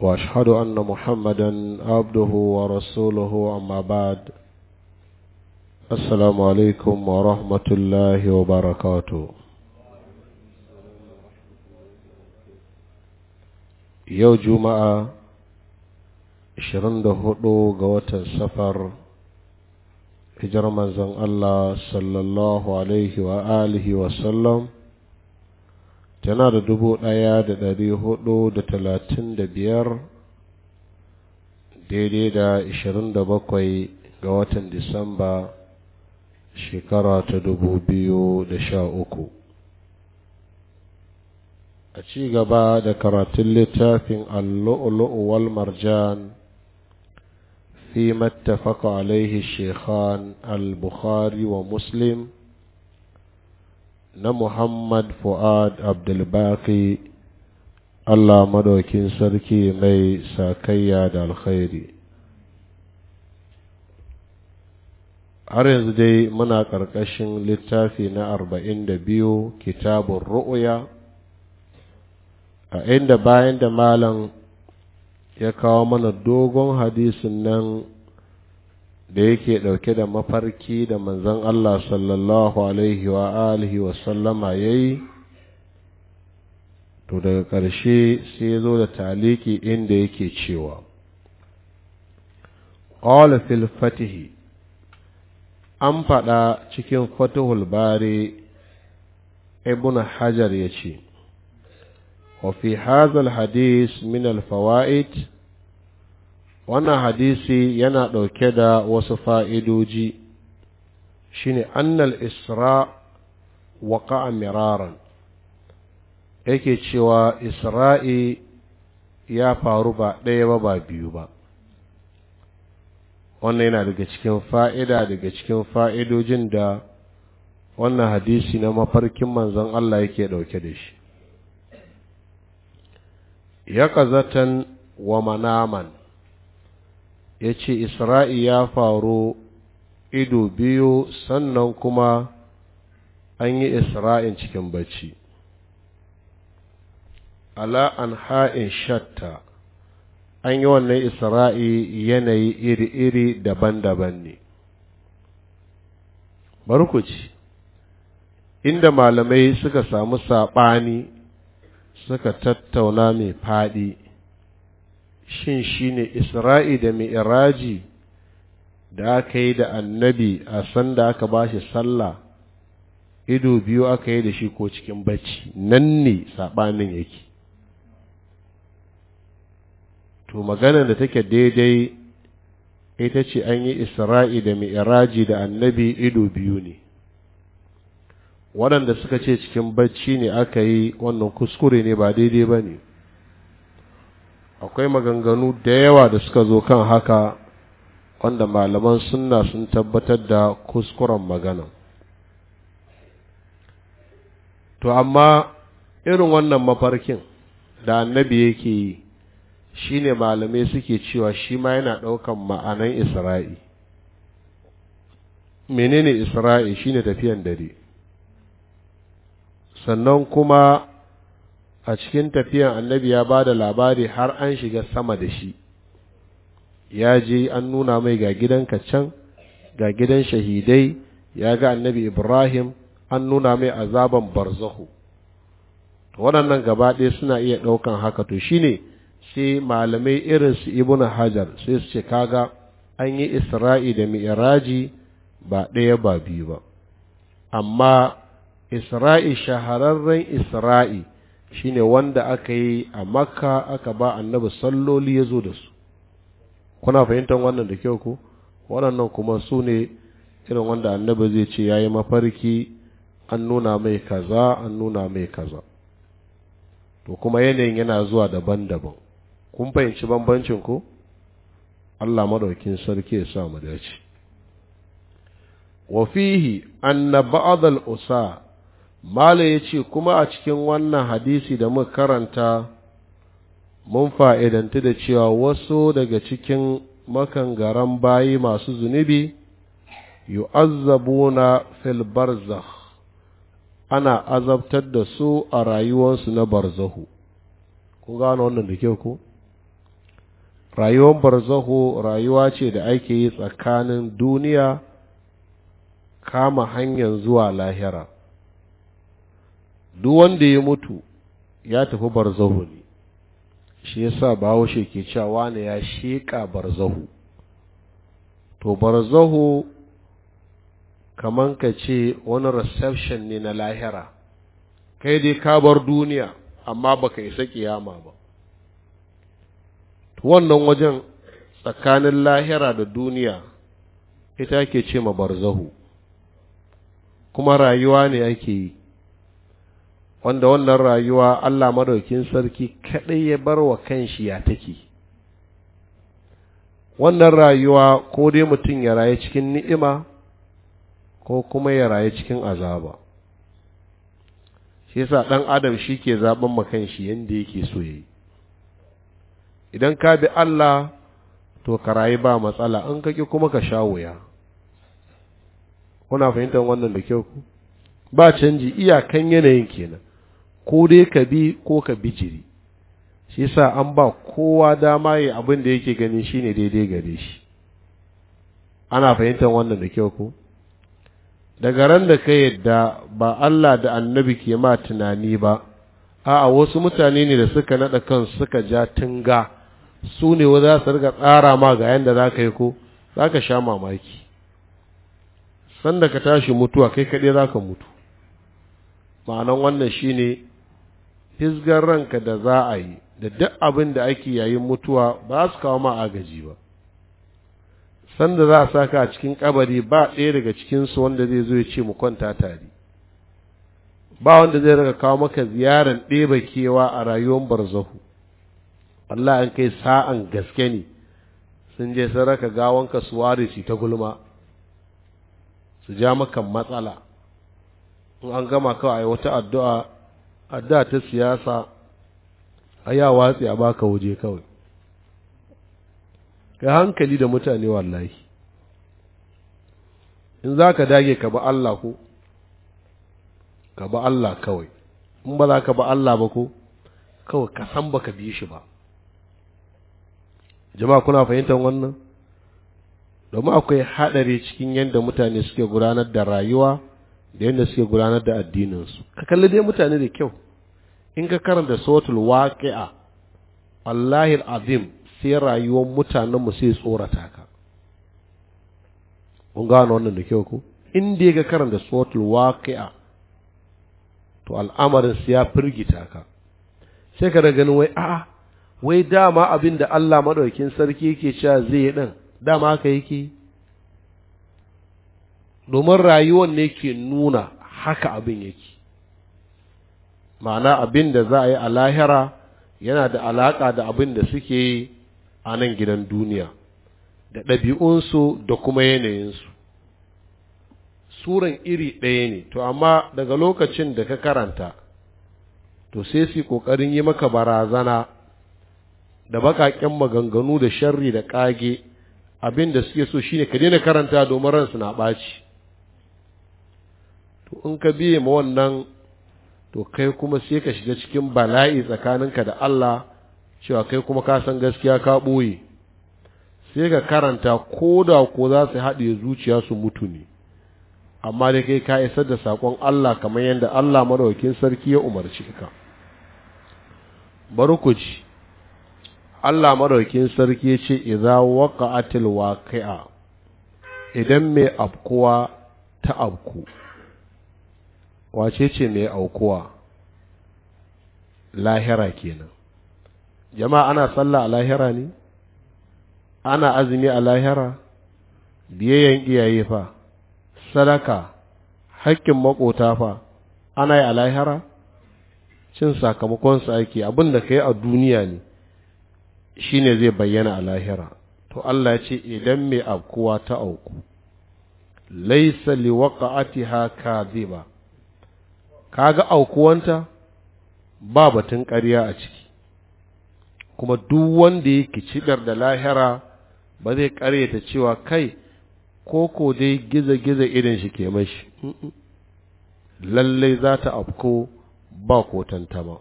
واشهد ان محمدا عبده ورسوله اما بعد السلام عليكم ورحمه الله وبركاته yau juma'a 24 ga watan safar hijar manzon Allah sallallahu alaihi wa alihi wa sallam tana da dubu ɗaya da ɗari hudu da talatin da biyar daidai da ishirin da bakwai ga watan disamba shekara ta dubu biyu da sha uku a ci gaba da karatun littafin allu'ulu'u wal marjan fi mattafaka alaihi shekhan al-bukhari wa muslim na Muhammad Fu'ad Abdulbaki Allah madaukin sarki mai sakayya da alkhairi. Har yanzu dai muna ƙarƙashin littafi na arba'in da biyu kitabun ru'uya, a inda bayan da malam ya kawo mana dogon hadisin nan da yake ɗauke da mafarki da manzon Allah sallallahu alaihi wa alihi wa sallama yayi to daga ƙarshe sai ya zo da taliki inda yake cewa Ol fil fatihi an faɗa cikin fatuhul bari ibnu hajar ya ce wa fi hadha hadith min al fawaid wannan hadisi yana ɗauke da wasu fa'idoji shine annal isra waƙa'a miraran yake cewa isra'i ya faru ba ɗaya ba ba biyu ba wannan yana daga cikin fa'ida daga cikin fa'idojin da wannan hadisi na mafarkin manzon Allah yake ɗauke da shi ya ƙazatan wa manaman ya ce isra'i ya faru ido biyu sannan kuma an yi isra'in cikin bacci ala an ha'in shatta an yi wannan isra'i yanayi iri-iri daban-daban ne barkuci inda malamai suka samu saɓani suka tattauna mai faɗi shin shi ne isra'i da mi'iraji da aka yi da annabi a sanda aka ba shi sallah ido biyu aka yi da shi ko cikin bacci nan ne saɓanin yake to maganar da take daidai ita ce an yi isra'i da miiraji da annabi ido biyu ne waɗanda suka ce cikin bacci ne aka yi wannan kuskure ne ba daidai ba ne akwai maganganu da yawa da suka zo kan haka wanda malaman sunna sun tabbatar da kuskuren magana to amma irin wannan mafarkin da annabi yake yi shi ne malamai suke cewa shi ma yana ɗaukan ma'anan isra'i menene isra'i ne tafiyan dare sannan kuma a cikin tafiyan annabi ya ba da labari har an shiga sama da shi ya je an nuna mai ga gidanka can ga gidan shahidai ya ga annabi ibrahim an nuna mai azaban barzahu waɗannan gaba ɗaya suna iya ɗaukan haka to shine sai malamai irin su ibn hajar sai su ce kaga an yi isra'i da mi'raji ba ɗaya ba biyu ba amma isra'i shahararren isra'i shine wanda aka yi a makka aka ba annabi salloli ya zo da su kuna fahimtar wannan da kyau ko waɗannan kuma su ne irin wanda annabi zai ce ya yi mafarki an nuna mai kaza an nuna mai kaza to kuma yanayin yana zuwa daban-daban kun fahimci bambancin ku Allah madaukin sarki ya sa mu dace wa fihi anna ba'd usa mala ya ce kuma a cikin wannan hadisi da muka karanta mun fa'idantu da cewa wasu daga cikin makangaran bayi masu zunubi yu'azzabu na barzakh ana azabtar da su a rayuwarsu na barzahu ku gano wannan da kyau ku. rayuwar barzahu rayuwa ce da ake yi tsakanin duniya kama hanyar zuwa lahira duk wanda ya mutu ya tafi barzahu ne shi ya sa yasa bahaushe ke cewa ne ya sheƙa barzahu to barzahu kaman ka ce wani reception ne na lahira kai dai ka bar duniya amma baka isa kiyama ba to wannan wajen tsakanin lahira da duniya ita ke ce ma barzahu kuma rayuwa ne ake yi wanda wannan rayuwa Allah madaukin sarki kaɗai ya bar wa kanshi ya take wannan rayuwa ko dai mutum ya raye cikin ni'ima ko kuma ya raye cikin azaba shi yasa ɗan adam shi ke zaɓen makan shi yadda yake so ya yi idan ka bi Allah to ka rayu ba matsala ka kaki kuma ka sha wuya kuna fahimtar wannan da kyau ku ba canji iyakan yanayin kenan ko dai ka bi ko ka bijiri shi sa an ba kowa dama yi abin da yake ganin shine daidai gare shi ana fahimtar wannan da kyau ko daga ran da ka yadda ba Allah da annabi ke ma tunani ba a'a wasu mutane ne da suka nada kan suka ja tunga su ne wa za su riga tsara ma ga yanda za ka yi ko za ka sha mamaki sanda ka tashi mutuwa kai kaɗai za ka mutu ma'anan wannan shine fisgar ranka da za a yi da duk abin da ake yayin mutuwa ba su kawo ma agaji ba sanda za a saka a cikin kabari ba ɗaya daga cikinsu wanda zai zo ya ce mu kwanta tare ba wanda zai raka kawo maka ziyaran ɗeba kewa a rayuwar barzahu Allah an kai sa'an gaske ne sun je sun raka gawanka su ware ta gulma su ja maka matsala in an gama kawai wata addu'a a da ta siyasa a ya watsi a baka waje kawai ka hankali da mutane wallahi in za ka dage ka ba Allah ko ka ba Allah kawai in ba za ka ba Allah ba ko kawai ka san ba ka bi shi ba jama'a kuna fahimtar wannan domin akwai haɗari cikin yadda mutane suke gudanar da rayuwa da yadda suke gudanar da addininsu ka kalli dai mutane da kyau in ka karanta sautul waƙi'a wallahi azim sai rayuwar mutanen mu sai tsorata ka kun gano wannan da kyau ko in dai ka karanta sautul waƙi'a to al'amarin su ya firgita ka sai ka ganin wai a'a wai dama abin da Allah maɗaukin sarki yake cewa zai yi din dama haka yake domin rayuwar ne ke nuna haka abin yake ma'ana abin da za a yi a lahira yana da alaƙa da abin da suke yi a nan gidan duniya da ɗabi'unsu da kuma yanayinsu suran iri ɗaya ne to amma daga lokacin da ka karanta to sai su ƙoƙarin yi maka barazana da baƙaƙen maganganu da sharri da ƙage abin da suke so shine ka daina karanta domin ransu na ɓaci in ka biye ma wannan to kai kuma sai ka shiga cikin bala'i tsakaninka da Allah cewa kai kuma ka san gaskiya ka ɓoye sai ka karanta ko da ko za su haɗe zuciya su mutu ne amma dai kai ka isar da saƙon Allah kamar yadda Allah madaukin sarki ya umarci ka bari ku Allah madaukin sarki ya ce idza waqa'atil waqi'a idan mai afkuwa ta afku wace ce mai aukuwa lahira kenan jama'a ana sallah a lahira ne ana azumi a lahira biyayyen iyaye fa sadaka hakkin makota fa ana yi a lahira cin sakamakon sa ake abin da kai a duniya ne shine zai bayyana a lahira to Allah ya ce idan mai aukuwa ta auku laisa liwaqa'atiha ba. kaga aukuwanta ba batun ƙarya a ciki kuma duk wanda yake cidar da lahira ba zai ƙaryata cewa kai ko ko dai giza-giza irin shi ke mashi lallai za ta afko ba ko tantama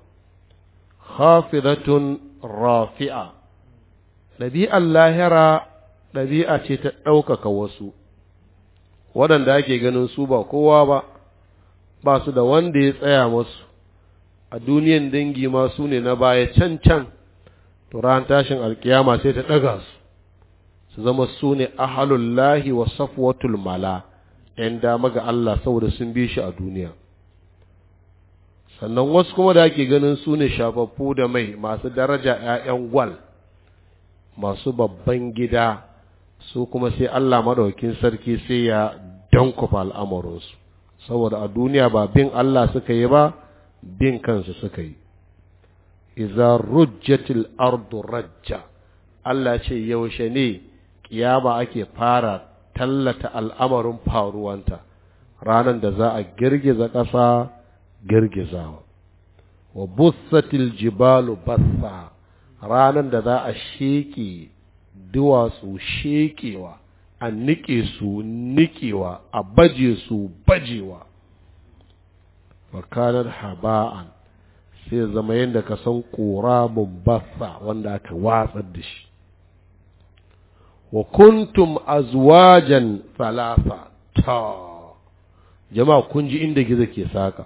hafizatun rafi'a ɗabi'ar lahira ɗabi'a ce ta ɗaukaka wasu waɗanda ake ganin su ba kowa ba ba su da wanda ya tsaya masu a duniyan dangi ma su ne na baya can can to ran tashin alkiyama sai ta ɗaga su su zama su ne ahalullahi wa safuwatul mala ‘yan dama ga Allah saboda sun bi shi a duniya sannan wasu kuma da ake ganin su ne shafaffu da mai masu daraja ‘ya'yan gwal masu babban gida su kuma sai Allah maɗaukin sarki sai ya dankufa al'amuransu saboda a duniya ba bin Allah suka yi ba bin kansu suka yi iza rujjatil ardu rajja Allah ce yaushe ne kiyama ake fara tallata al'amarin faruwanta ranar da za a girgiza ƙasa girgizawa wa bussatil jibalu bassa ranar da za a sheƙe duwatsu sheƙewa a nike su nikewa a baje su bajewa fakanar haba'an sai zama yadda ka san ƙora basa wanda aka watsar da shi wa kuntum azwajan salasa ta jama'a kun ji inda gizo ke saka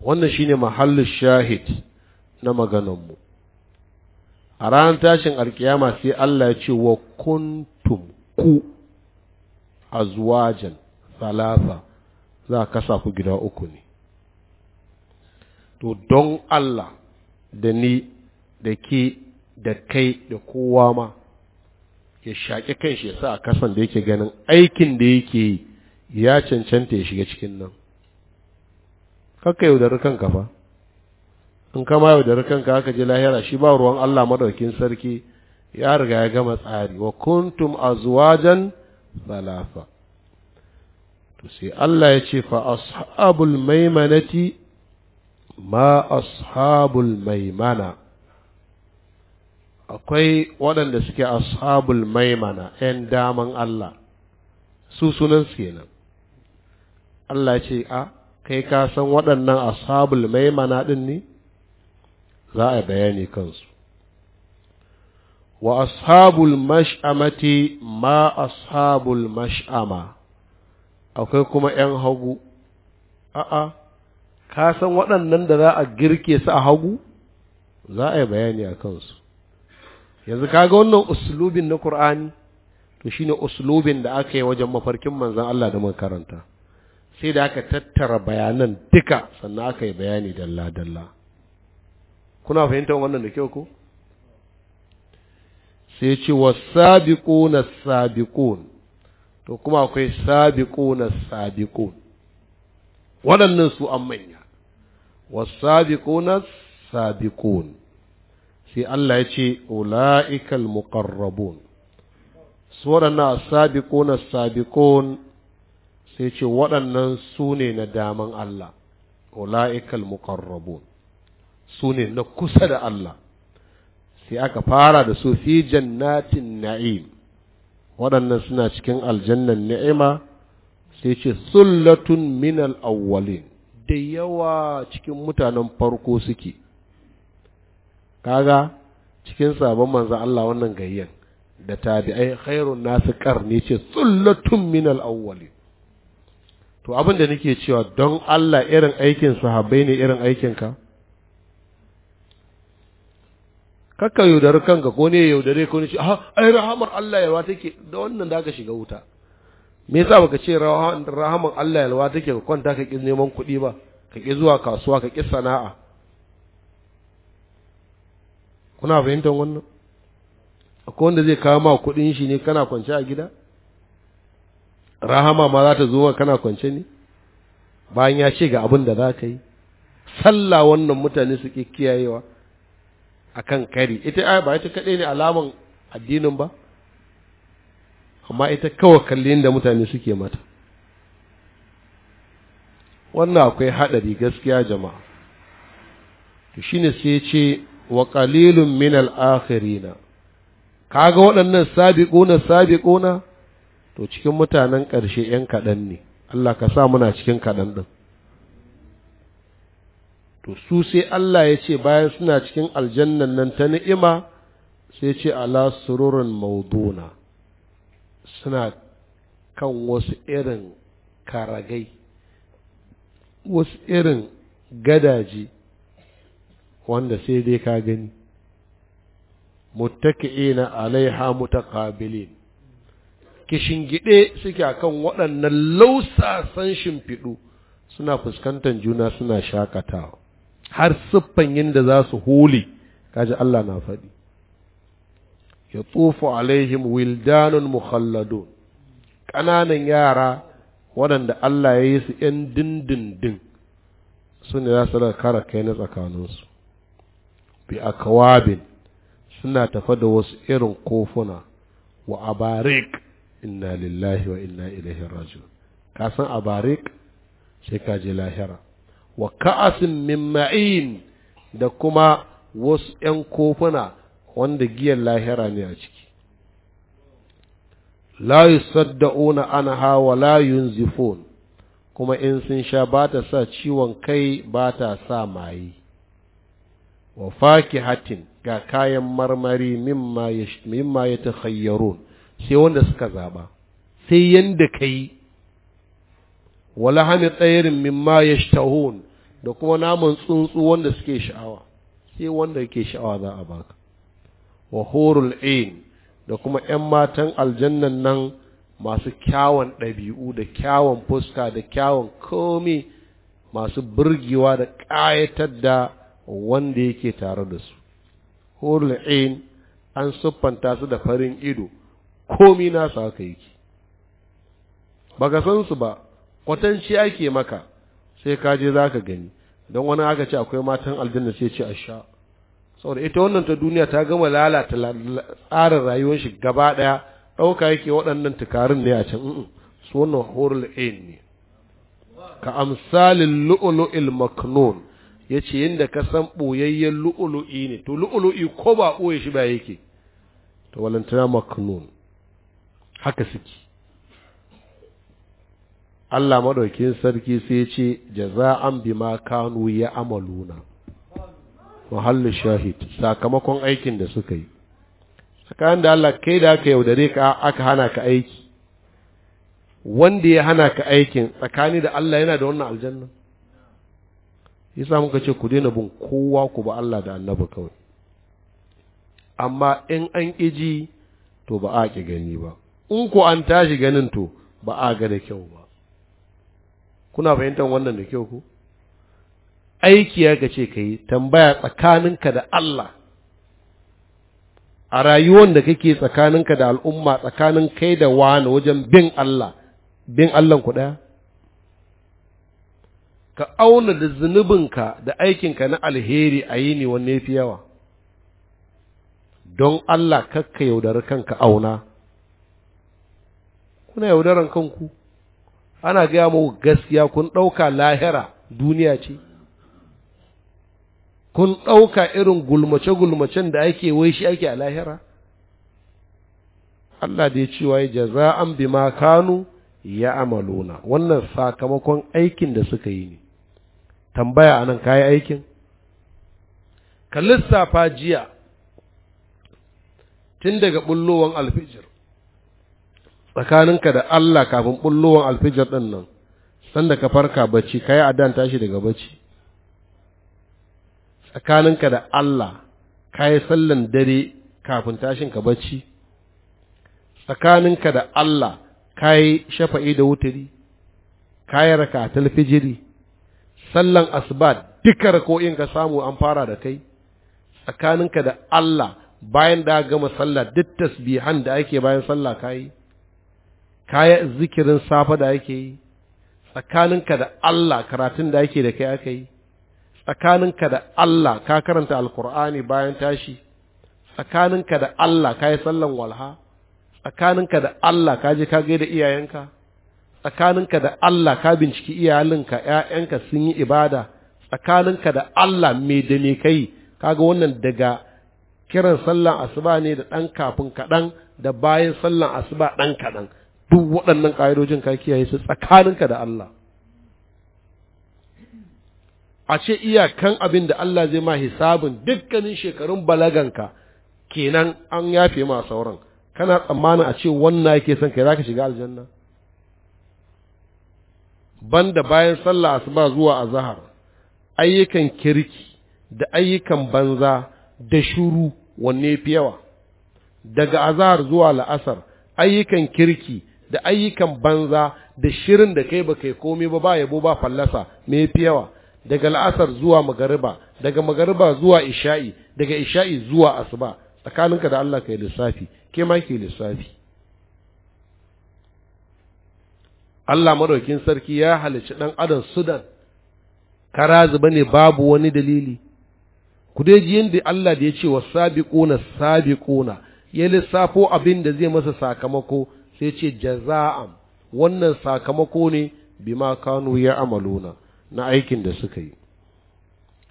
wannan shine mahallin shahid na maganarmu a ranar tashin alkiyama sai Allah ya ce wa kuntum ku a azwajan salasa za kasa ku gida uku ne to don Allah da ni da ke da kai da kowa ma ya shaƙi kan shi ya sa a kasan da yake ganin aikin da yake yi ya cancanta ya shiga cikin nan kakka yaudari kanka fa in ka ma yaudari kanka aka je lahira shi ba ruwan Allah madaukin sarki ya riga ya gama tsari wa kuntum azwajan salafa to sai Allah ya ce fa ashabul maimanati ma ashabul maimana akwai waɗanda suke ashabul maimana ‘yan daman Allah su sunan kenan Allah ya ce a kai ka san waɗannan ashabul maimana ɗin ne za a bayani kansu wa ashabul mash'amati ma ashabul mash'ama akwai kuma ‘yan hagu a'a ka san waɗannan da za a girke su a hagu za a bayani a kansu yanzu ka ga wannan uslubin na ƙur'ani to shine uslubin da aka yi wajen mafarkin manzan Allah da karanta sai da aka tattara bayanan duka sannan aka yi bayani dalla-dalla kuna fahimtar wannan da kyau ko sai ce wa na sabiqun to kuma akwai sabiquna sabiqun waɗannan su an manya na sabiqun sai Allah ya ce ula'ikal muqarrabun su waɗannan sabiquna sabiqun sai ce waɗannan su ne na daman Allah ula'ikal muqarrabun su ne na kusa da Allah sai aka fara da su fi jannatin na'im waɗannan suna cikin aljannan ni'ima sai ce sullatun min al’awwalin da yawa cikin mutanen farko suke kaga cikin sabon manza Allah wannan gayyan da tabi'ai khairun nasu karni ce sullatun minal al’awwalin to abin da nake cewa don Allah irin aikin sahabbai ne irin aikinka ka kakka yaudari kanka ko ne yaudare ko ne ce ha ai rahamar Allah yalwa take da wannan da ka shiga wuta me yasa baka ce rahaman Allah yalwa take ka kwanta ka ki neman kuɗi ba ka ki zuwa kasuwa ka ki sana'a kuna fahimtar wannan akwai wanda zai kawo ma kuɗin shi ne kana kwance a gida rahama ma za ta zo kana kwance ne bayan ya ce ga abin da za ka yi sallah wannan mutane su ki kiyayewa akan kari ita aya ba ita kadai ne alaman addinin ba amma ita kawai kallin da mutane suke mata wannan akwai haɗari gaskiya jama'a to shine sai ce wa qalilun min al-akhirina kaga waɗannan sabiquna sabiquna to cikin mutanen ƙarshe 'yan kaɗan ne Allah ka sa muna cikin kaɗan ɗin to su sai Allah ya ce bayan suna cikin aljannan nan ta ni'ima sai ce ala sururin mauduna suna kan wasu irin karagai wasu irin gadaji wanda sai dai ka gani muttaki'ina alaiha mutaqabilin kishingide suke akan waɗannan lausasan shimfiɗu suna fuskantar juna suna shakatawa har siffan yadda za su hole kaji Allah na faɗi ya tsofa alaihim wildanun mukhalladun ƙananan yara waɗanda Allah ya yi su ‘yan dindindin su ne za su daga kara kai na tsakaninsu bi akawabin suna tafa da wasu irin kofuna wa abarik inna lillahi wa inna ilaihi rajiun kasan abarik sai ka lahira wa ka'asin min ma'in da kuma wasu ‘yan kofuna wanda giyan lahira ne a ciki. La yusaddauna anha wa la yunzifun kuma in sun sha ba ta sa ciwon kai ba ta sa maye. Wa hatin ga kayan marmari mimma ya ta sai wanda suka zaba, sai yanda ka yi, wala hami tsayirin mimma ya da kuma naman tsuntsu wanda suke sha'awa sai wanda yake sha'awa za a baka wa horul ain da kuma 'yan matan aljannan nan masu kyawon ɗabi'u da kyawon fuska da kyawun komi masu burgewa da ƙayatar da wanda yake tare da su horul ain an siffanta su da farin ido komi nasu haka yake baka san su ba kwatanci ake maka sai ka je za ka gani don wani aka ce akwai matan aljanna sai ce a sha saboda ita wannan ta duniya ta gama lalata tsarin rayuwar shi gaba ɗaya ɗauka yake waɗannan tukarin da ya can su wannan horul ain ne ka amsalin lu'ulu'il maknun ya ce yadda ka san ɓoyayyen lu'ulu'i ne to lu'ulu'i ko ba ɓoye shi ba yake to walantana maknun haka suke Allah maɗaukin sarki sai ce jaza'an bima kanu ya amaluna muhallu shahid sakamakon aikin da suka yi tsakanin da Allah kai da aka yaudare ka aka hana ka aiki wanda ya hana ka aikin tsakani da Allah yana da wannan aljanna yasa muka ce ku daina bin kowa ku ba Allah da annabi kawai amma in an ƙiji to ba a ƙi gani ba in ku an tashi ganin to ba a ga da kyau ba kuna fahimtar wannan da kyau ku aiki ya kace ka yi tambaya tsakaninka da Allah a rayuwar da kake tsakaninka da al'umma tsakanin kai da wani wajen bin Allah bin Allah ku ɗaya ka auna da zunubinka da aikinka na alheri a yi ne wanne fi yawa don Allah kakka yaudari kanka auna kuna yaudaran kanku ana gaya muku gaskiya kun ɗauka lahira duniya ce kun ɗauka irin gulmace-gulmacen da ake wai shi ake a lahira Allah da ya ce wai jaza'an ma kanu ya amaluna wannan sakamakon aikin da suka yi ne tambaya anan kayi aikin ka lissafa jiya tun daga bullowan alfijir tsakaninka da Allah kafin bullowan alfijar ɗin nan sanda ka farka bacci ka yi adan tashi daga bacci tsakaninka da Allah ka yi sallan dare kafin tashin ka bacci tsakaninka da Allah ka yi shafa'i da wuturi ka yi raka talfijiri sallan asuba duka rako'in ka samu an fara da kai tsakaninka da Allah bayan da gama sallah duk tasbihan da ake bayan sallah ka yi kaya zikirin safe da ake yi tsakaninka da Allah karatun da ake da kai aka yi tsakaninka da Allah ka karanta alkur'ani bayan tashi tsakaninka da Allah ka yi sallan walha tsakaninka da Allah ka je ka gaida iyayenka tsakaninka da Allah ka binciki iyalinka ƴaƴanka sun yi ibada tsakaninka da Allah me da me kai kaga wannan daga kiran sallan asuba ne da ɗan kafin kaɗan da bayan sallan asuba ɗan kaɗan duk waɗannan ƙa'idojin ka kiyaye su tsakaninka da Allah a ce iyakan abin da Allah zai ma hisabin dukkanin shekarun balaganka kenan an yafe ma sauran kana tsammanin a ce wannan yake son kai ka shiga aljanna banda bayan sallah asuba zuwa azhar ayyukan kirki da ayyukan banza da shuru wanne fi yawa daga azhar zuwa la'asar ayyukan kirki da ayyukan banza da shirin da kai baka yi komai ba ba yabo ba fallasa me yafi yawa daga la'asar zuwa magariba daga magariba zuwa isha'i daga isha'i zuwa asuba tsakaninka da Allah kai lissafi ke ma ke lissafi Allah madaukin sarki ya halicci dan adam sudan karazu bane babu wani dalili ku dai ji yadda Allah da ya ce wa sabiquna ya lissafo abin da zai masa sakamako sai ce jaza'an wannan sakamako ne bima kanu ya amaluna na aikin da suka yi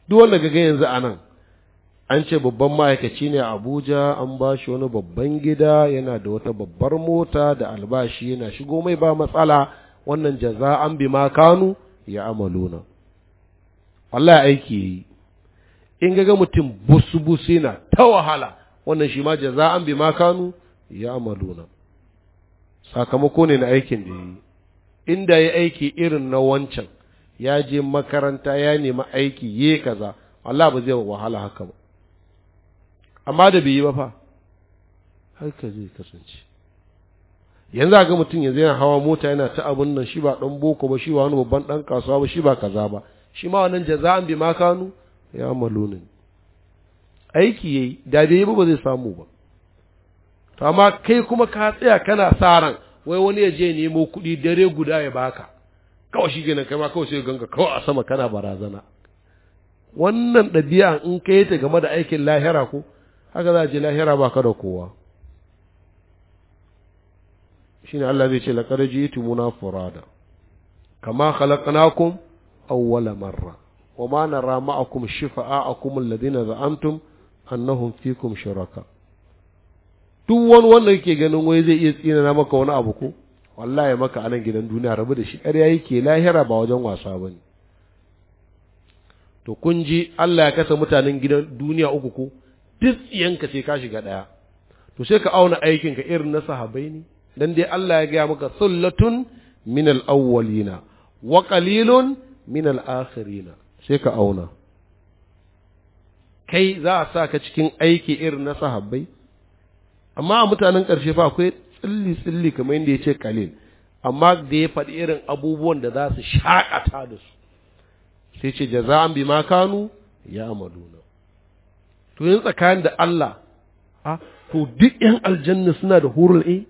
duk wanda ga yanzu anan an ce babban ma'aikaci ne a Abuja an ba shi wani babban gida yana da wata babbar mota da albashi yana shigo mai ba matsala wannan jaza'an bima kanu ya amaluna Allah aiki yayi in ga mutum busu busu yana ta wahala wannan shi ma jaza'an bima kanu ya amaluna sakamako ne na aikin da yi inda ya aiki irin na wancan ya je makaranta ya nemi aiki ye kaza Allah ba zai wahala haka ba amma da bai yi ba fa haka zai kasance yanzu a ga mutum yanzu yana hawa mota yana ta abun nan shi ba ɗan boko ba shi ba wani babban ɗan kasuwa ba shi ba kaza ba shi ma wannan an bi ma kanu ya malunin aiki yayi da bai yi ba ba zai samu ba to amma kai kuma ka tsaya kana sa ran wai wani ya je nemo kuɗi dare guda ya baka kawai shi kenan kai ma kawai sai ganga kawai a sama kana barazana wannan ɗabi'a in ka yi ta game da aikin lahira ko haka za a je lahira ba ka da kowa shine Allah zai ce laqad ji'tumuna furada kama khalaqnakum awwala marra wama nara ma'akum shifa'a'akum alladhina za'antum annahum fikum shuraka' duk wani wanda kake ganin wai zai iya tsinana maka wani abu ko wallahi maka anan gidan duniya rabu da shi ƙarya yake lahira ba wajen wasa ba ne. to kun ji Allah ya kasa mutanen gidan duniya uku ko duk yanka sai ka shiga ɗaya. to sai ka auna aikin ka irin na sahabbai ne dan dai Allah ya gaya maka sullatun min al-awwalina wa qalilun min al-akhirina sai ka auna kai za a sa ka cikin aiki irin na sahabbai amma a mutanen ƙarshe fa akwai tsilli-tsilli kamar yadda ya ce kalil amma da ya faɗi irin abubuwan da za su shaƙata da su sai ce an bi makanu ya amaluna to yin tsakanin da Allah a to duk yan aljanna suna da hurul a eh?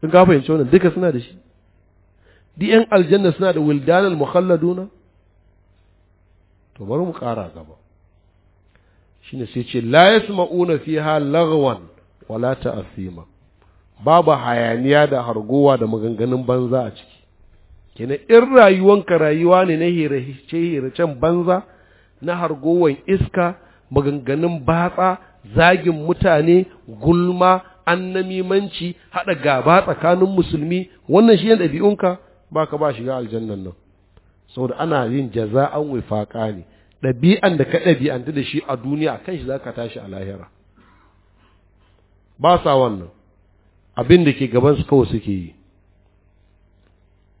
sun ka fahimci wannan duka suna da shi duk yan aljanna suna da wildanal mukhalladuna to bari mu ƙara gaba shine sai ce la yasma'una fiha lagwan wala ta'athima babu hayaniya da hargowa da maganganun banza a ciki kina in rayuwanka rayuwa ne na hirace-hiracen banza na hargowan iska maganganun batsa zagin mutane gulma annamimanci haɗa gaba tsakanin musulmi wannan shi ne ɗabi'unka ba ka ba shiga aljannan nan saboda ana yin jaza, jaza'an wifaka ne ɗabi'an da ka ɗabi'anta da shi a duniya kan shi za ka tashi a lahira ba sa wannan abin da ke gaban su kawai suke yi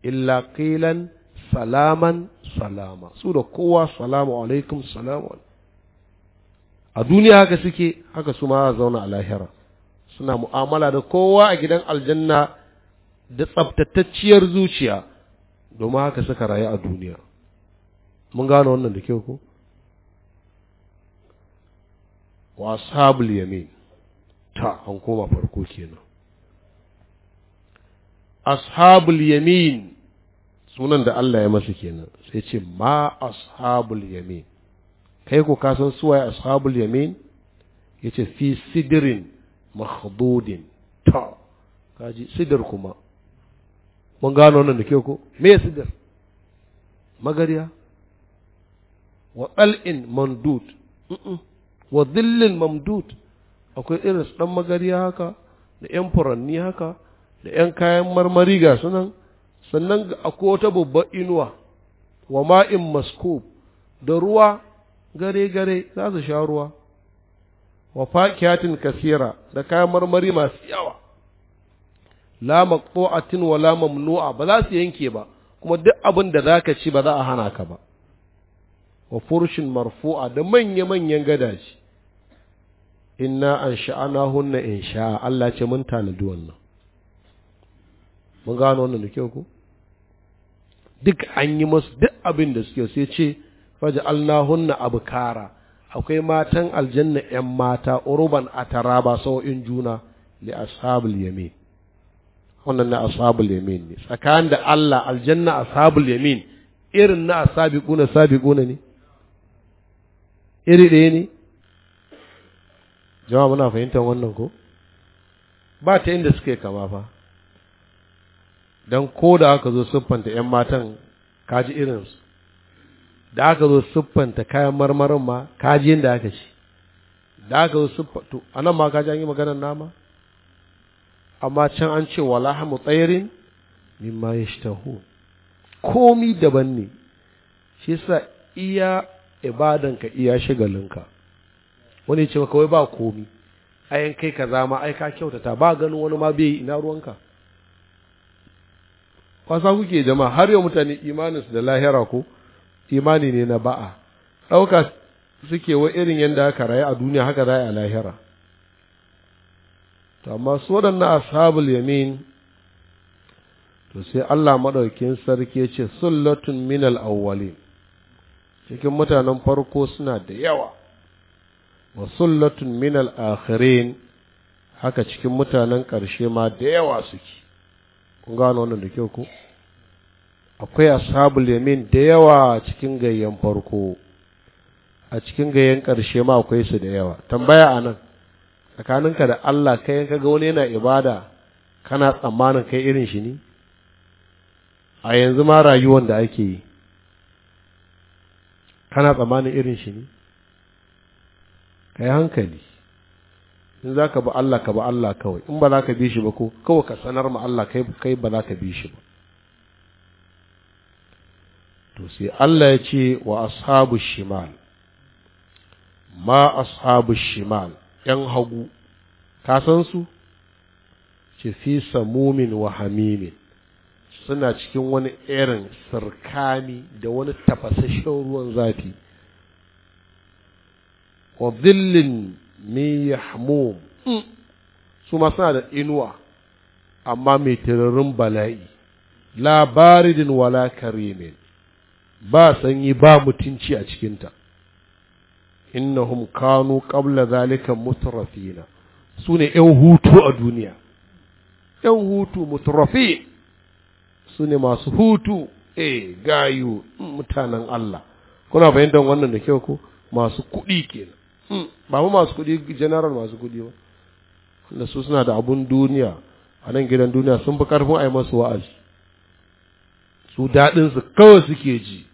illa qilan salaman salama su da kowa salamu alaikum salamu a duniya haka suke haka su ma zauna a lahira suna mu'amala da kowa a gidan aljanna da tsabtatacciyar zuciya domin haka suka rayu a duniya mun gane wannan da kyau ko wa sabul yamin ta an koma farko kenan ashabul yamin sunan da Allah ya masa kenan sai ce ma ashabul yamin kai ko ka san suwaye ashabul yamin yace fi sidrin makhdudin ta kaji sidr kuma mun gano nan da ke ko me sidr magariya wa qal'in mandud wa zillin mamdud akwai irin su ɗan magariya haka da ‘yan furanni haka da ‘yan kayan marmari ga sunan sannan akwai wata babbar inuwa wa ma'in maskub da ruwa gare-gare za su sha ruwa wa fakiyatin kasira da kayan marmari masu yawa la maqtu'atin wa la mamnu'a ba za su yanke ba kuma duk abin da zaka ci ba za a hana ka ba wa furushin marfu'a da manya-manyan gadaji. inna an sha'ana hunna in sha'a Allah ce mun tanadi wannan mun gano wannan da kyau ko duk an yi masu duk abin da suke sai ce faja abu abkara akwai matan aljanna yan mata uruban ataraba sau'in juna li ashabul yamin wannan na ashabul yamin ne tsakanin da Allah aljanna ashabul yamin irin na asabiquna sabiquna ne iri ɗaya ne jama'a muna fahimtar wannan ko ba ta inda suke kama fa don ko da aka zo siffanta 'yan matan kaji irinsu da aka zo siffanta kayan marmarin ma kaji yadda aka ci da aka zo siffanta a nan ma kaji an yi maganar nama amma can an ce wala hamu tsayirin mimma ya shi komi daban ne shi sa iya ibadanka iya shigalinka wani ce kawai ba komi ayan kai ka zama ai ka kyautata ba ganin wani ma bai ina ruwanka kwasa kuke jama'a har yau mutane imanin su da lahira ko imani ne na ba'a ɗauka suke wa irin yadda aka rayu a duniya haka za a lahira to amma su waɗannan ashabul yamin to sai Allah madaukin sarki ya ce sullatun minal awwalin cikin mutanen farko suna da yawa wa sullatun minal akhirin haka cikin mutanen ƙarshe ma da yawa suke kun gano wannan da kyau ko akwai ashabul yamin da yawa cikin gayyan farko a cikin gayyan ƙarshe ma akwai su da yawa tambaya a anan tsakaninka da Allah kai ka ga wani yana ibada kana tsammanin kai irin shi ne a yanzu ma rayuwar da ake yi kana tsammanin irin shi ne ka yi hankali in za ka bi Allah ka bi Allah kawai in ba za ka bi shi ba ko kawai ka sanar ma Allah kai ba za ka bi shi ba to sai Allah ya ce wa ashabu shimal ma ashabu shimal ‘yan hagu, ka san su? Ce fi samumin wa hamimin, suna cikin wani irin sirkani da wani tafasashen ruwan zafi wa zillin min mm. su ma suna da inuwa amma mai tirarin bala'i labaridin wala karimin ba sanyi ba mutunci a cikinta innahum kanu qabla zalika mutrafina su ne ‘yan hutu a duniya ‘yan hutu mutrafi su ne masu hutu eh gayu mm, mutanen Allah kuna fahimtar wannan da kyau ko masu kuɗi kenan hmm. ba mu masu kuɗi general masu kuɗi ba wanda su suna da abun duniya a nan gidan duniya sun fi karfin a yi masu wa'azi su daɗinsu kawai suke ji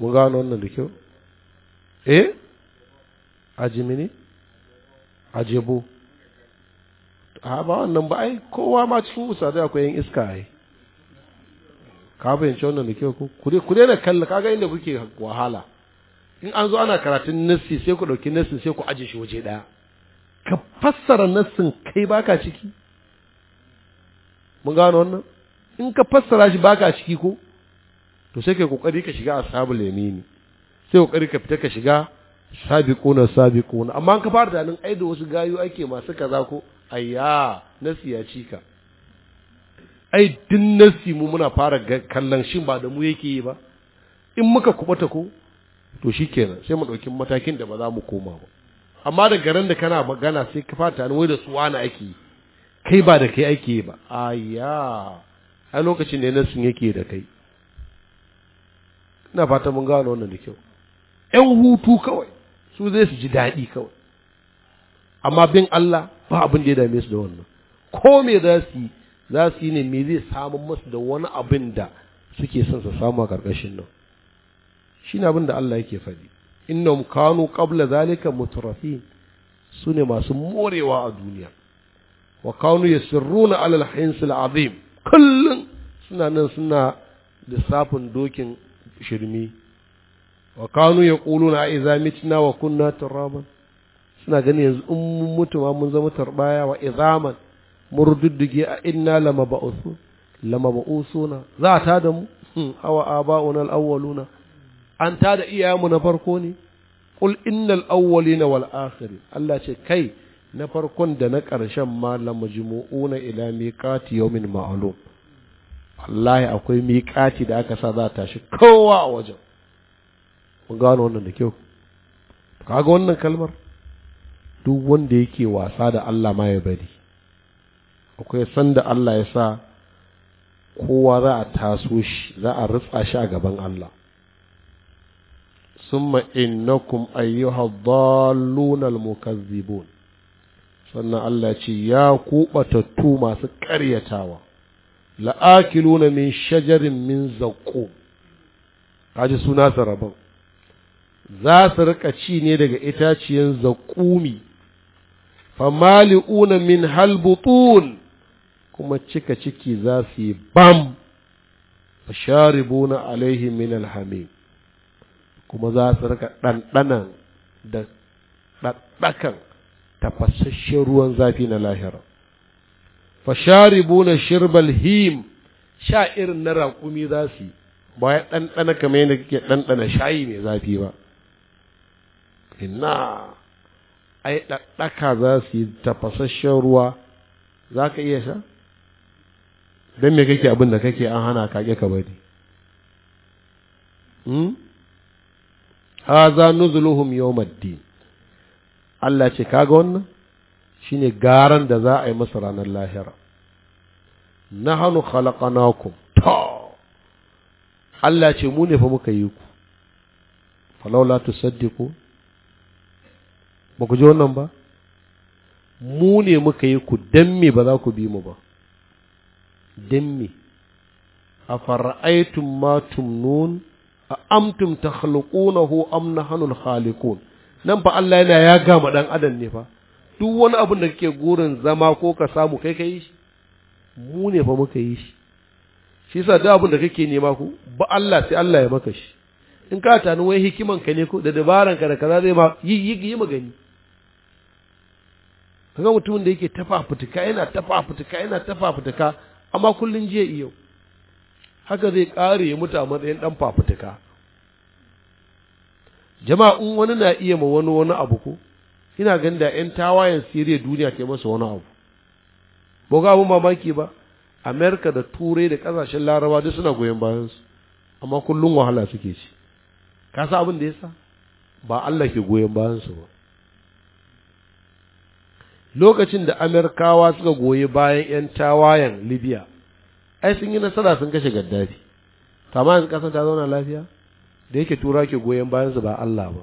mun gano wannan da kyau eh ajimi ne ajebo a ba wannan ba ai kowa ma cikin musa zai akwai yin iska ai ka fahimci wannan da kyau ko ku daina kalla kaga inda kuke wahala in an zo ana karatun nassi sai ku ɗauki nassin sai ku aje shi waje ɗaya ka fassara nassin kai baka ciki mun gano wannan in ka fassara shi baka ciki ko to sai kai kokari ka shiga ashabul yamini sai kokari ka fita ka shiga sabiquna sabiquna amma an ka fara da nan ai da wasu gayu ake masu kaza ko ayya ya cika ai din nasi mu muna fara kallon shin ba da mu yake yi ba in muka kubata ko to shikenan sai mu ɗauki matakin da ba za mu koma ba amma da garin da kana magana sai ka fata wai da su wani ake kai ba da kai ake ba aya a lokacin da nasin yake da kai ina fata mun gano wannan da kyau ‘yan hutu kawai su zai su ji daɗi kawai amma bin Allah ba abin da ya dame su da wannan ko me za su yi za su yi ne me zai samu masu da wani abin da suke son su samu a ƙarƙashin nan shi ne abin da Allah yake faɗi inna kanu qabla zalika mutrafi su ne masu morewa a duniya wa kanu yasirruna alal hinsil azim kullum suna nan suna lissafin dokin shirmi wa kanu yaquluna idza mitna wa kunna turaban suna gani yanzu in mutuwa mun zama tarbaya wa izaman gi a inna lama usu lama ba'usuna za a da mu hmm, awa aba'una al-awwaluna an ta iya mu na farko ne qul innal na wal akhiri Allah ce kai na farkon da na ƙarshen ma lamajmu'una ila yau min ma'lum wallahi akwai miƙati da aka sa za ta shi kowa a wajen mun gano wannan da kyau kaga wannan kalmar duk wanda yake wasa da Allah ma ya bari akwai sanda Allah ya sa kowa za a taso shi za a ritsa shi a gaban Allah summa innakum ayyuha dhalluna almukazzibun sannan Allah ce ya ku tu masu ƙaryatawa la'akiluna min shajarin min zaqqum kaji suna sarabin za su rika ci ne daga itaciyan zaƙumi famali'una min halbutun kuma cika ciki za su yi bam na alaihi min alhamim kuma za su rika ɗanɗanan da ɗaɗɗakan tafasasshen ruwan zafi na lahira fa na shirbal him sha irin na raƙumi za su yi ba ya ɗanɗana kamar yadda kake ɗanɗana shayi mai zafi ba inna ai ɗaɗɗaka za su yi tafasasshen ruwa za ka iya sha don me kake abin da kake an hana kage ka bari hmm? haza nuzuluhum yawmaddin Allah ce kaga wannan shine garan da za a yi masa ranar lahira nahnu khalaqnakum ta Allah ce mu ne fa muka yi ku Saddi tusaddiqu ba ku ji wannan ba mu ne muka yi ku dan me ba za ku bi mu ba dimmi a fara'aitun ma tumnun a amtum ta khalqunahu am nahnul khaliqun nan fa Allah yana ya gama dan adam ne fa duk wani abin da kake gurin zama ko ka samu kai kai shi mu ne fa muka yi shi shi yasa duk abin da kake nema ku ba Allah sai Allah ya maka shi in ka tani wai hikiman ka ne ko da dabaran ka da kaza zai ma yi yi yi magani kaga mutumin da yake tafafutuka yana tafafutuka yana tafafutuka amma kullun jiya iyo haka zai kare ya mutu a matsayin ɗan fafutuka jama'un wani na iya ma wani wani abu ko ina ganin da 'yan tawayen siriya duniya ta masa wani abu ba ga abin mamaki ba amerika da turai da ƙasashen laraba duk suna goyon bayansu amma kullum wahala suke ci ka sa abin da ya sa ba allah ke goyon bayansu ba lokacin da Amerikawa suka goyi bayan 'yan tawayen Libya, ai sun yi nasara sun kashe Gaddafi, amma yanzu kasar ta zauna lafiya? Da yake tura ke goyon bayansu ba Allah ba.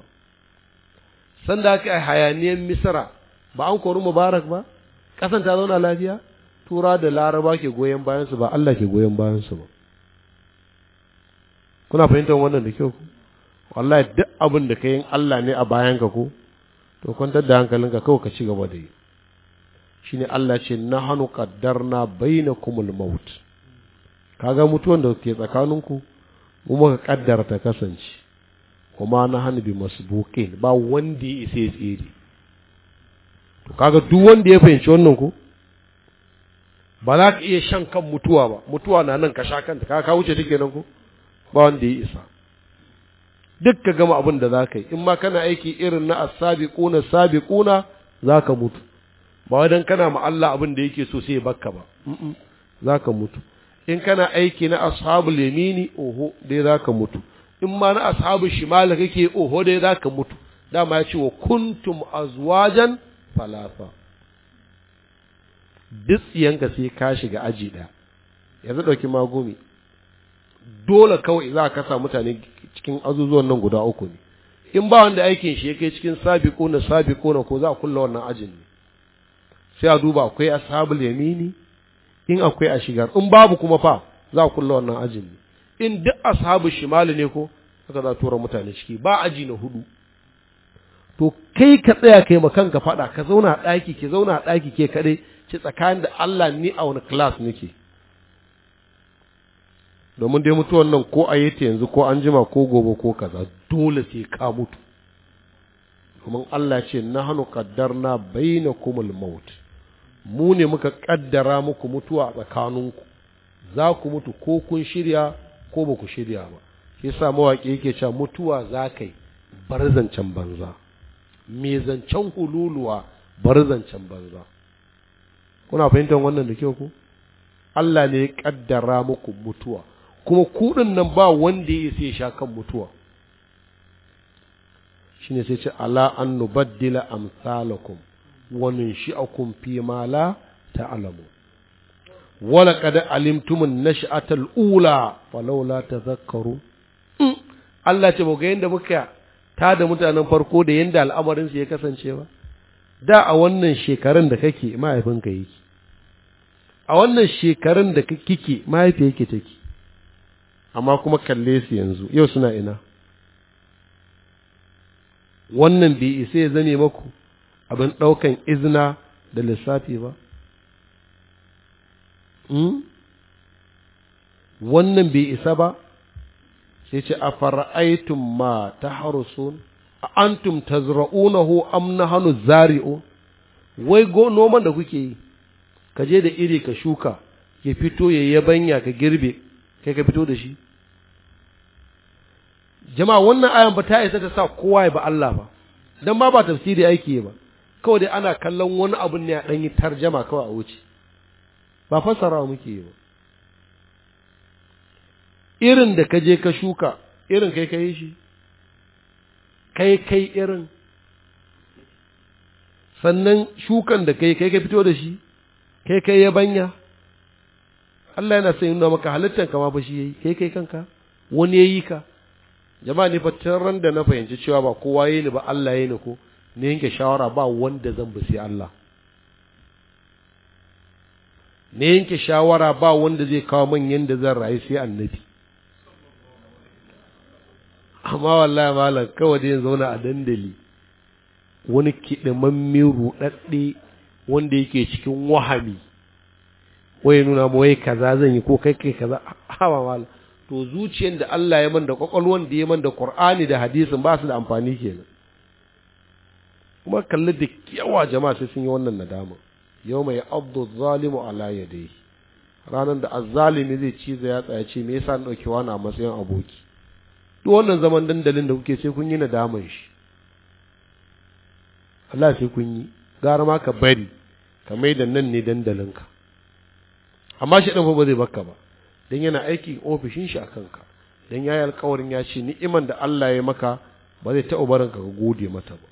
Sanda aka yi hayaniyar misira ba an kori Mubarak ba? kasar ta zauna lafiya? Tura da Laraba ke goyon bayansu ba Allah ke goyon bayansu ba. Kuna fahimtar wannan da kyau? Wallahi duk abin da ka yi Allah ne a bayanka ko? To kwantar da hankalinka kawai ka ci gaba da yi. shine Allah ce na na qaddarna kumul maut kaga mutuwan da ke tsakaninku mu muka kaddar ta kasance kuma nahnu bi masbuqin ba wanda ya isa ya tsere to kaga duk wanda ya fahimci wannan ku ba za ka iya shan kan mutuwa ba mutuwa na nan ka sha kanta ka ka wuce duk nan ku ba wanda ya isa duk ka gama abin da za ka yi in ma kana aiki irin na asabiquna sabiquna za ka mutu ba wadan kana ma Allah abin da yake so sai bakka ba za ka mutu in kana aiki na ashabu yamini oho dai za ka mutu in ma na ashabu shimala kake oho dai za ka mutu dama ya ce wa kuntum azwajan falafa duk sai ka shiga aji ɗaya yanzu ɗauki magumi dole kawai za ka sa mutane cikin azuzuwan nan guda uku ne in ba wanda aikin shi ya kai cikin sabiƙo na sabiƙo na ko za a kulla wannan ajin ne sai a duba akwai ashabul yamini in akwai a shigar in babu kuma fa za a kulla wannan ajin ne in duk ashabul shimali ne ko haka za tura mutane ciki ba aji na hudu to kai ka tsaya kai ma kanka faɗa ka zauna a ɗaki ke zauna a ɗaki ke kaɗai ce tsakanin da Allah ni a wani class nake domin dai mutuwan nan ko a ta yanzu ko an jima ko gobe ko kaza dole sai ka mutu kuma Allah ce na qaddarna kaddar na kumul maut mu ne muka ƙaddara muku mutuwa a tsakaninku za ku mutu ko kun shirya ko ba ku shirya ba shi sa mawaƙi yake cewa mutuwa za ka yi bar zancen banza me zancen hululuwa bar zancen banza kuna fahimtar wannan da kyau ku Allah ne ya ƙaddara muku mutuwa kuma kuɗin nan ba wanda ya sai sha kan mutuwa shine sai ce ala an nubaddila amsalakum wa min shi'akum fi ma la ta'lamu wa laqad alimtum an-nash'ata al-ula mm. Allah ce ga yanda muka ta da mutanen farko da yanda al'amarin su ya kasance ba da a wannan shekarun da kake mahaifinka yake a wannan shekarun da kike mahaifi yake take amma kuma kalle su yanzu yau suna ina wannan bai isa ya zame maku abin ɗaukan izina da lissafi ba hmm? wannan bai isa ba sai ce a fara'aitun ma ta harusun a antum ta ho am na hannu zari'o wai go noman da kuke yi ka je da iri ka shuka ya fito ya yabanya ka girbe kai ka fito da shi jama'a wannan ayan ba ta isa ta sa kowa ya ba Allah ba don ba ba tafsiri aiki ba kawai dai ana kallon wani abun ne a ɗan yi tarjama kawai a wuce ba fassara muke yi ba irin da ka je ka shuka irin kai ka yi shi kai kai irin sannan shukan da kai kai ka fito da shi kai kai ya banya Allah yana son nuna maka halittar kama ba shi yayi kai kai kanka wani ya yi ka jama'a ne fa ran da na fahimci cewa ba kowa yi ni ba Allah yi ni ko ne yanke shawara ba wanda zan bi sai Allah ne yanke shawara ba wanda zai kawo min yanda zan rayu sai annabi amma wallahi malam kawai dai zauna a dandali wani kiɗimamme ruɗaɗɗe wanda yake cikin wahami waye nuna mu waye kaza zan yi ko kai kai kaza hawa malam to zuciyar da Allah ya man da da ya man da Qur'ani da hadisin ba su da amfani kenan kuma kalli da yawa jama'a sai sun yi wannan nadama yau mai abdu zalimu ala yadai ranar da azalimi zai ciza ya tsaya ce me yasa na ɗauki wani a matsayin aboki duk wannan zaman dandalin da kuke sai kun yi nadaman shi Allah sai kun yi gara ma ka bari ka mai da nan ne dandalinka amma shi ɗan fa ba zai baka ba don yana aiki ofishin shi a kanka don ya yi alkawarin ya ce ni'iman da Allah ya maka ba zai taɓa barin ka gode mata ba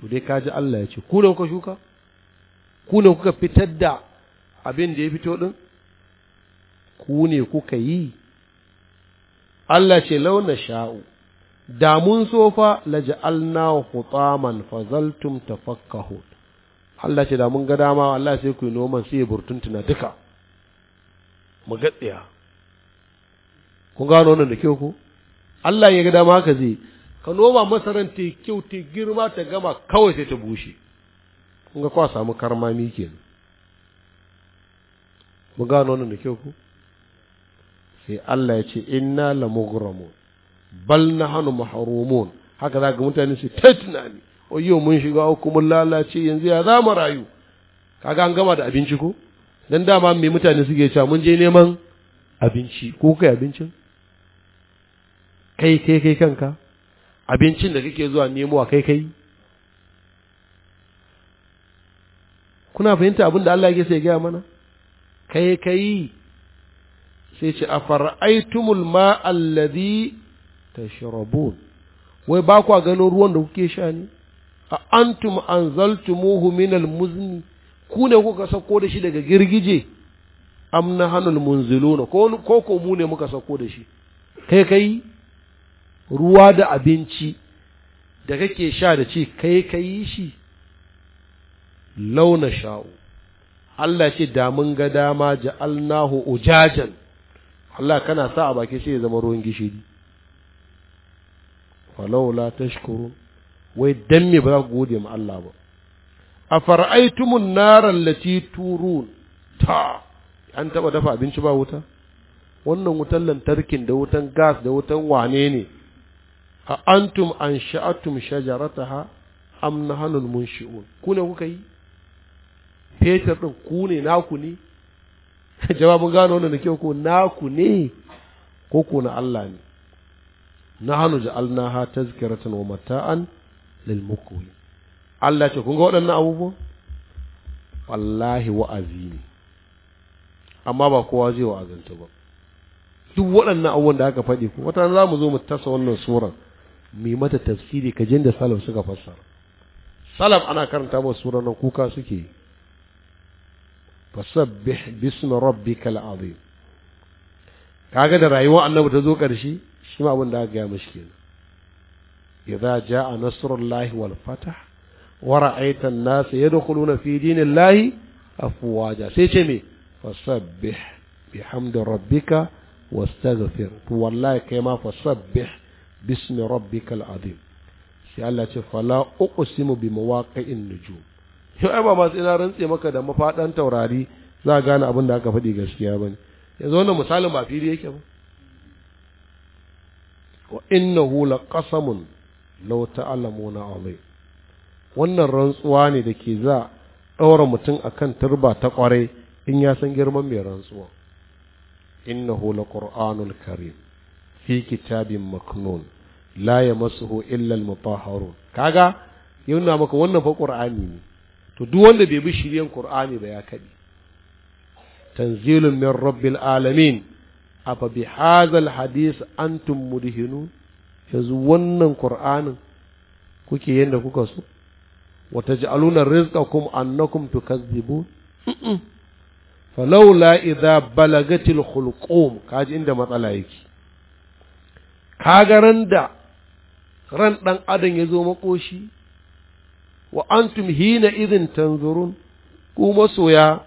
to dai ji Allah ya ce ku ne kuka shuka ku ne kuka fitar da abin da ya fito din ku ne kuka yi Allah ce launa sha'u da mun sofa laja'alna hutaman fazaltum tafakkahu Allah ce da mun ga dama Allah sai ku yi noman sai burtuntuna duka mu gatsiya kun gano wannan da kyau ko Allah ya ga dama haka zai ka noma masaran ta kyau ta girma ta gama kawai sai ta bushe kun ga kwa samu karmami kenan mu gano nan da kyau ku sai Allah ya ce inna la mughramun bal nahnu mahrumun haka za ga mutane su ta tunani oyo mun shiga uku mun lalace yanzu ya za mu rayu kaga an gama da abinci ko dan dama me mutane suke cewa mun je neman abinci ko kai abincin kai kai kai kanka abincin da kake zuwa nemo a kai kai kuna fahimta abin da Allah yake sai gaya mana kai kai sai ce afara'aitumul ma allazi tashrabun wai ba kwa ganin ruwan da kuke sha ne a antum anzaltumuhu minal muzni ku ne kuka sako da shi daga girgije amna hanul munziluna ko ko mu ne muka sako da shi kai kai ruwa da abinci da kake sha da ci kai ka yi shi launa sha'u Allah ce da ga dama ja'alnahu ujajan Allah kana sa a baki sai ya zama ruwan gishiri falaula tashkuru wai dan me ba za ku gode ma Allah ba a far'aitumun naran lati turun ta an taba dafa abinci ba wuta wannan wutan lantarkin da wutan gas da wutan wane ne a antum an sha'atum shajarataha am nahanul munshi'un ku ne kuka yi fetur ɗin ku ne naku ne jawabin gano wannan da ke ko naku ne ko ku na Allah ne nahanu ja'alnaha tazkiratan wa mata'an lil muqwin Allah ce kun ga waɗannan abubuwa wallahi wa'azi ne amma ba kowa zai wa'azanta ba duk waɗannan abubuwan da aka faɗi ko wata za mu zo mu tasa wannan suran mai mata tafsiri ka da salaf suka fassara salaf ana karanta masu suran nan kuka suke fasabbih bismi rabbikal azim kaga da rayuwar annabi ta zo ƙarshe shi ma abin da aka gaya mashi kenan idza jaa nasrullahi wal fatah wa ra'aita an-nasa yadkhuluna fi dinillahi afwaja sai ce me fasabbih bihamdi rabbika wastaghfir to wallahi kai ma fasabbih bismi rabbikal azim sai Allah ce fala uqsimu bi mawaqi'in nujum yau ai ba ma sai rantse maka da mafadan taurari za ka gane abin da aka faɗi gaskiya bane yanzu wannan misalin ba fili yake ba wa innahu laqasamun law ta'lamuna alai wannan rantsuwa ne da ke za ɗaura mutum akan turba ta ƙwarai in ya san girman mai rantsuwa innahu laqur'anul karim fi kitabin maknun la yamassuhu illa al-mutahharun kaga na maka wannan fa qur'ani ne to duk wanda bai bi shiryan qur'ani ba ya kadi tanzilun min rabbil alamin afa bi hadhal hadis antum mudhinu yanzu wannan qur'anin kuke yanda kuka so wa taj'aluna rizqakum annakum tukazzibun falawla idza balagatil khulqum kaji inda matsala yake kagaran da ran ɗan adam ya zo makoshi wa antum hina izin tanzurun ku masoya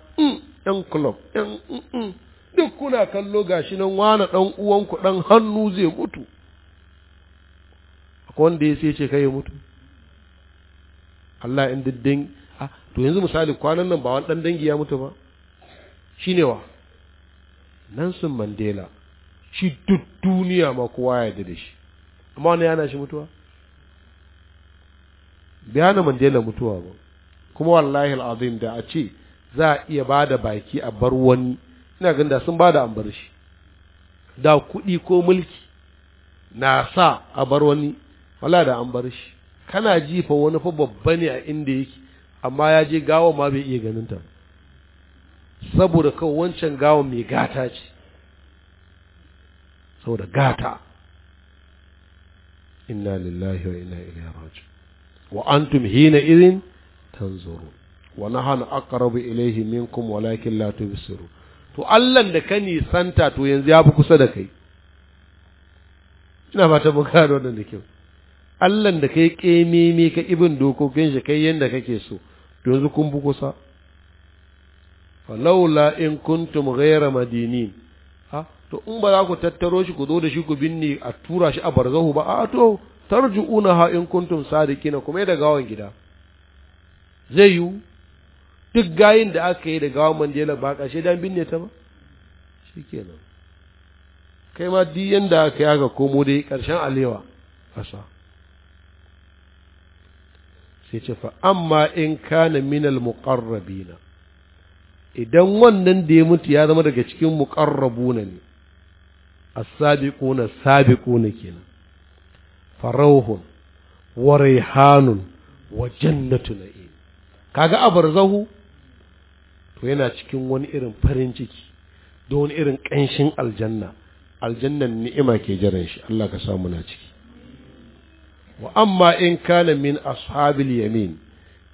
ɗan mm, club ɗan mm, mm, duk kuna kallo gashi nan wani ɗan uwanku ɗan hannu zai mutu akwai wanda ya ce kai ya mutu Allah in diddin ah, to yanzu misali kwanan nan ba wani ɗan dangi ya mutu ba shine wa Nelson Mandela shi duk duniya ma kowa ya da shi amma wani yana shi mutuwa bayana na mutuwa ba kuma wallahi al'azim da a ce za a iya ba da baki a bar wani ina ganda da sun ba da an bar shi da kuɗi ko mulki na sa a bar wani wala da an bar shi kana jifa wani fa babba ne a inda yake amma ya je gawa ma bai iya ganin ta saboda kawai wancan gawa mai gata ce saboda gata inna lillahi wa inna ilaihi raji wa antum hina idin tanzuru wa nahnu aqrabu ilayhi minkum walakin la tubsiru to allan da ka nisanta to yanzu ya fi kusa da kai ina fata mun da wannan da kyau allan da kai kememe ka ibin dokokin shi kai yanda kake so to yanzu kun fi kusa laula in kuntum ghayra madinin to in ba za ku tattaro shi ku zo da shi ku binne a tura shi a barzahu ba a to tarju'una ha in kuntum sadiqina kuma da gawan gida zai yiwu duk gayin da aka yi da gawan Mandela ba ƙashe dan binne ta ba shikenan kai ma duk yanda aka yaga komo dai ƙarshen alewa ƙasa sai ce fa amma in kana minal muqarrabina idan wannan da ya mutu ya zama daga cikin muqarrabuna ne as-sabiquna sabiquna kenan farauhun wa raihanun wa jannatu na'im kaga abarzahu to yana cikin wani irin farin ciki da wani irin kanshin aljanna aljannan ni'ima ke jiran shi Allah ka samu na ciki wa amma in kana min ashabil yamin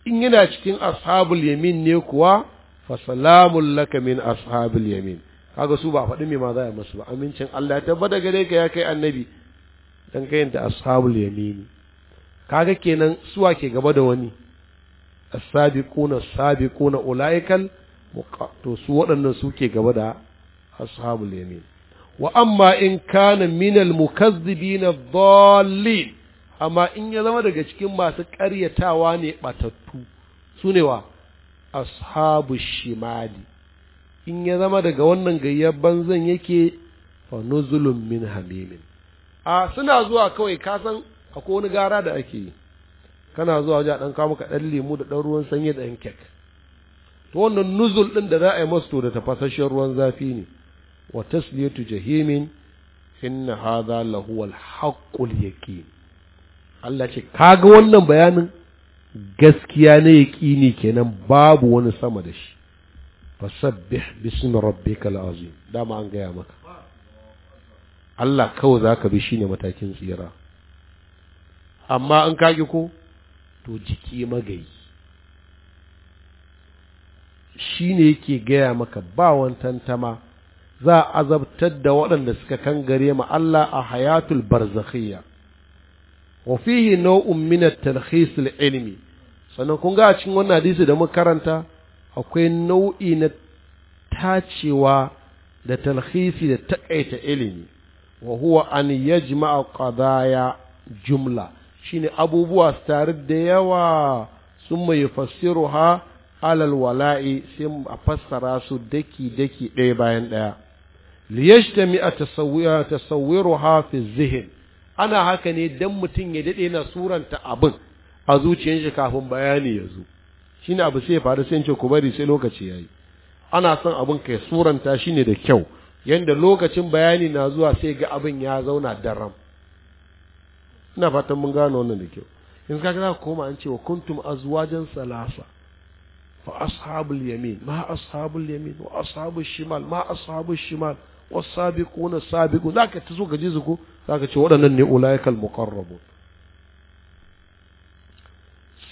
in yana cikin ashabul yamin ne kuwa fa salamun laka min ashabil yamin kaga su ba faɗi me ma za a masu ba amincin Allah ya tabbata gare ka ya kai annabi dan kai da ashabul yamini kaga kenan suwa ke gaba da wani as-sabiquna as-sabiquna ulaikal to su waɗannan suke gaba da ashabul yamin wa amma in kana minal mukazzibin ad-dallin amma in ya zama daga cikin masu karyatawa ne batattu sune wa ashabu shimali in ya zama daga wannan gayyar banzan yake fa nuzulun min hamimin a suna zuwa kawai kasan akwai wani gara da ake yi kana zuwa waje a ɗan kawo maka ɗan lemu da ɗan ruwan sanyi da ɗan kek to wannan nuzul ɗin da za a yi masu to da tafasasshen ruwan zafi ne wa tasliyatu jahimin inna hadha lahu al-haqqul yaqin Allah ce kaga wannan bayanin gaskiya na yaqini kenan babu wani sama da shi fasabbih bismi rabbikal azim dama an gaya maka Allah kawai zaka bi shine matakin tsira amma an kage ko to jiki magayi shine yake gaya maka ba wantantama za a azabtar da waɗanda suka kangare ma Allah a hayatul barzakhiyya wa fihi nau'un min at-talkhis al-ilmi sannan kun ga a cikin wannan hadisi da muka karanta akwai nau'i na tacewa da talhisi da taƙaita ilimi wa huwa an yajma'a qadaya jumla shine abubuwa su tare da yawa sun mai fassiruha alal wala'i sai a fassara su daki daki ɗaya bayan ɗaya liyajtami a tasawwiruha fi zihin ana haka ne dan mutum ya daɗe na suranta abin a zuciyar shi kafin bayani ya Shin abu sai ya faru sai ce ku bari sai lokaci ya yi ana son abin kai suranta shi ne da kyau yadda lokacin bayani na zuwa sai ga abin ya zauna daram ina fatan mun gano wannan da kyau yanzu ka za koma an ce wa kuntum azwajan salasa fa ashabul yamin ma ashabul yamin wa ashabul shimal ma ashabul shimal wasabiquna ka zaka tazo gaje zuko zaka ce waɗannan ne ulaikal muqarrabun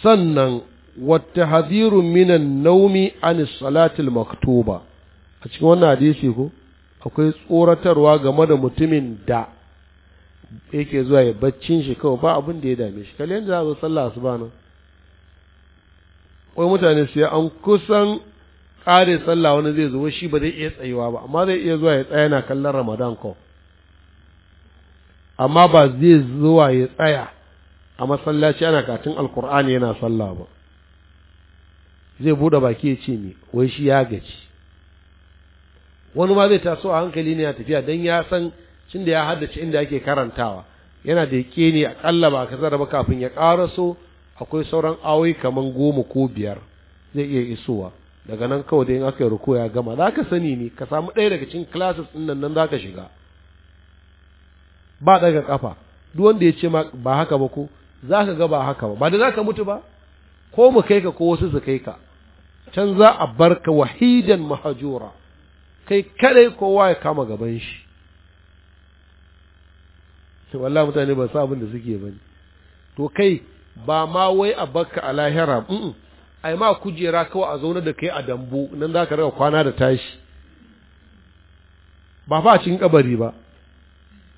sannan والتحذير من النوم عن الصلاة maktuba a cikin wannan hadisi ko akwai tsoratarwa game da mutumin da yake zuwa ya baccin shi kawai ba abin da ya dame shi kalli yadda za a zo sallah asuba nan wai mutane sai an kusan kare sallah wani zai zo shi ba zai iya tsayuwa ba amma zai iya zuwa ya tsaya yana kallon ramadan ko amma ba zai zuwa ya tsaya a masallaci ana katin alkur'ani yana sallah ba zai buɗe baki ya ce me wai shi ya gaji wani ma zai taso a hankali ne a tafiya don ya san cin da ya haddace inda yake karantawa yana da yake ne akalla ba kasar ba kafin ya so akwai sauran awai kamar goma ko biyar zai iya isowa daga nan kawai da in aka yi ruko ya gama za ka sani ne ka samu ɗaya daga cikin classes ɗin nan nan za ka shiga ba daga kafa duk wanda ya ce ba haka ba ko za ka ga ba haka ba ba da za ka mutu ba ko mu kai ka ko wasu su kai ka can za a ka wahidan mahajura kai kaɗai kowa ya kama gaban shi wallah mutane ba su abin da suke ba ne to kai ba ma wai a barka a lahira ai ma kujera kawai a zaune da kai a dambu nan za ka raka kwana da tashi ba fa cikin kabari ba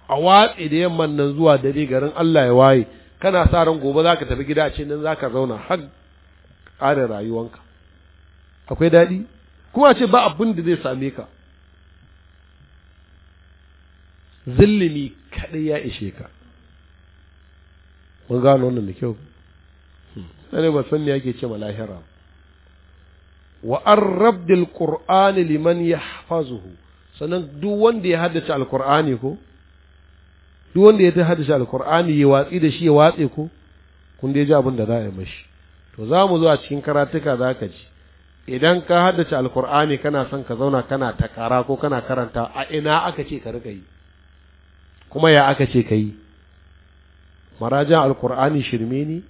a watsi da yamman nan zuwa dare garin Allah ya waye kana sa ran gobe za ka tafi gida ce nan za ka zauna har ƙare rayuwanka akwai daɗi kuma ce ba abin da zai same ka zillimi kaɗai ya ishe ka mun gano wannan da kyau sai ba san me yake ce lahira wa an rabdil qur'ani liman yahfazuhu sannan duk wanda ya haddace alqur'ani ko duk wanda ya haddace alqur'ani ya watsi da shi ya watse ko kun dai ji abin da za a yi mashi to za mu zo a cikin karatuka za ka ji idan ka haddace alkur'ani kana son ka zauna kana ta takara ko kana karanta a ina aka ce ka rika yi kuma ya aka ce ka yi marajan alkur'ani shirme ne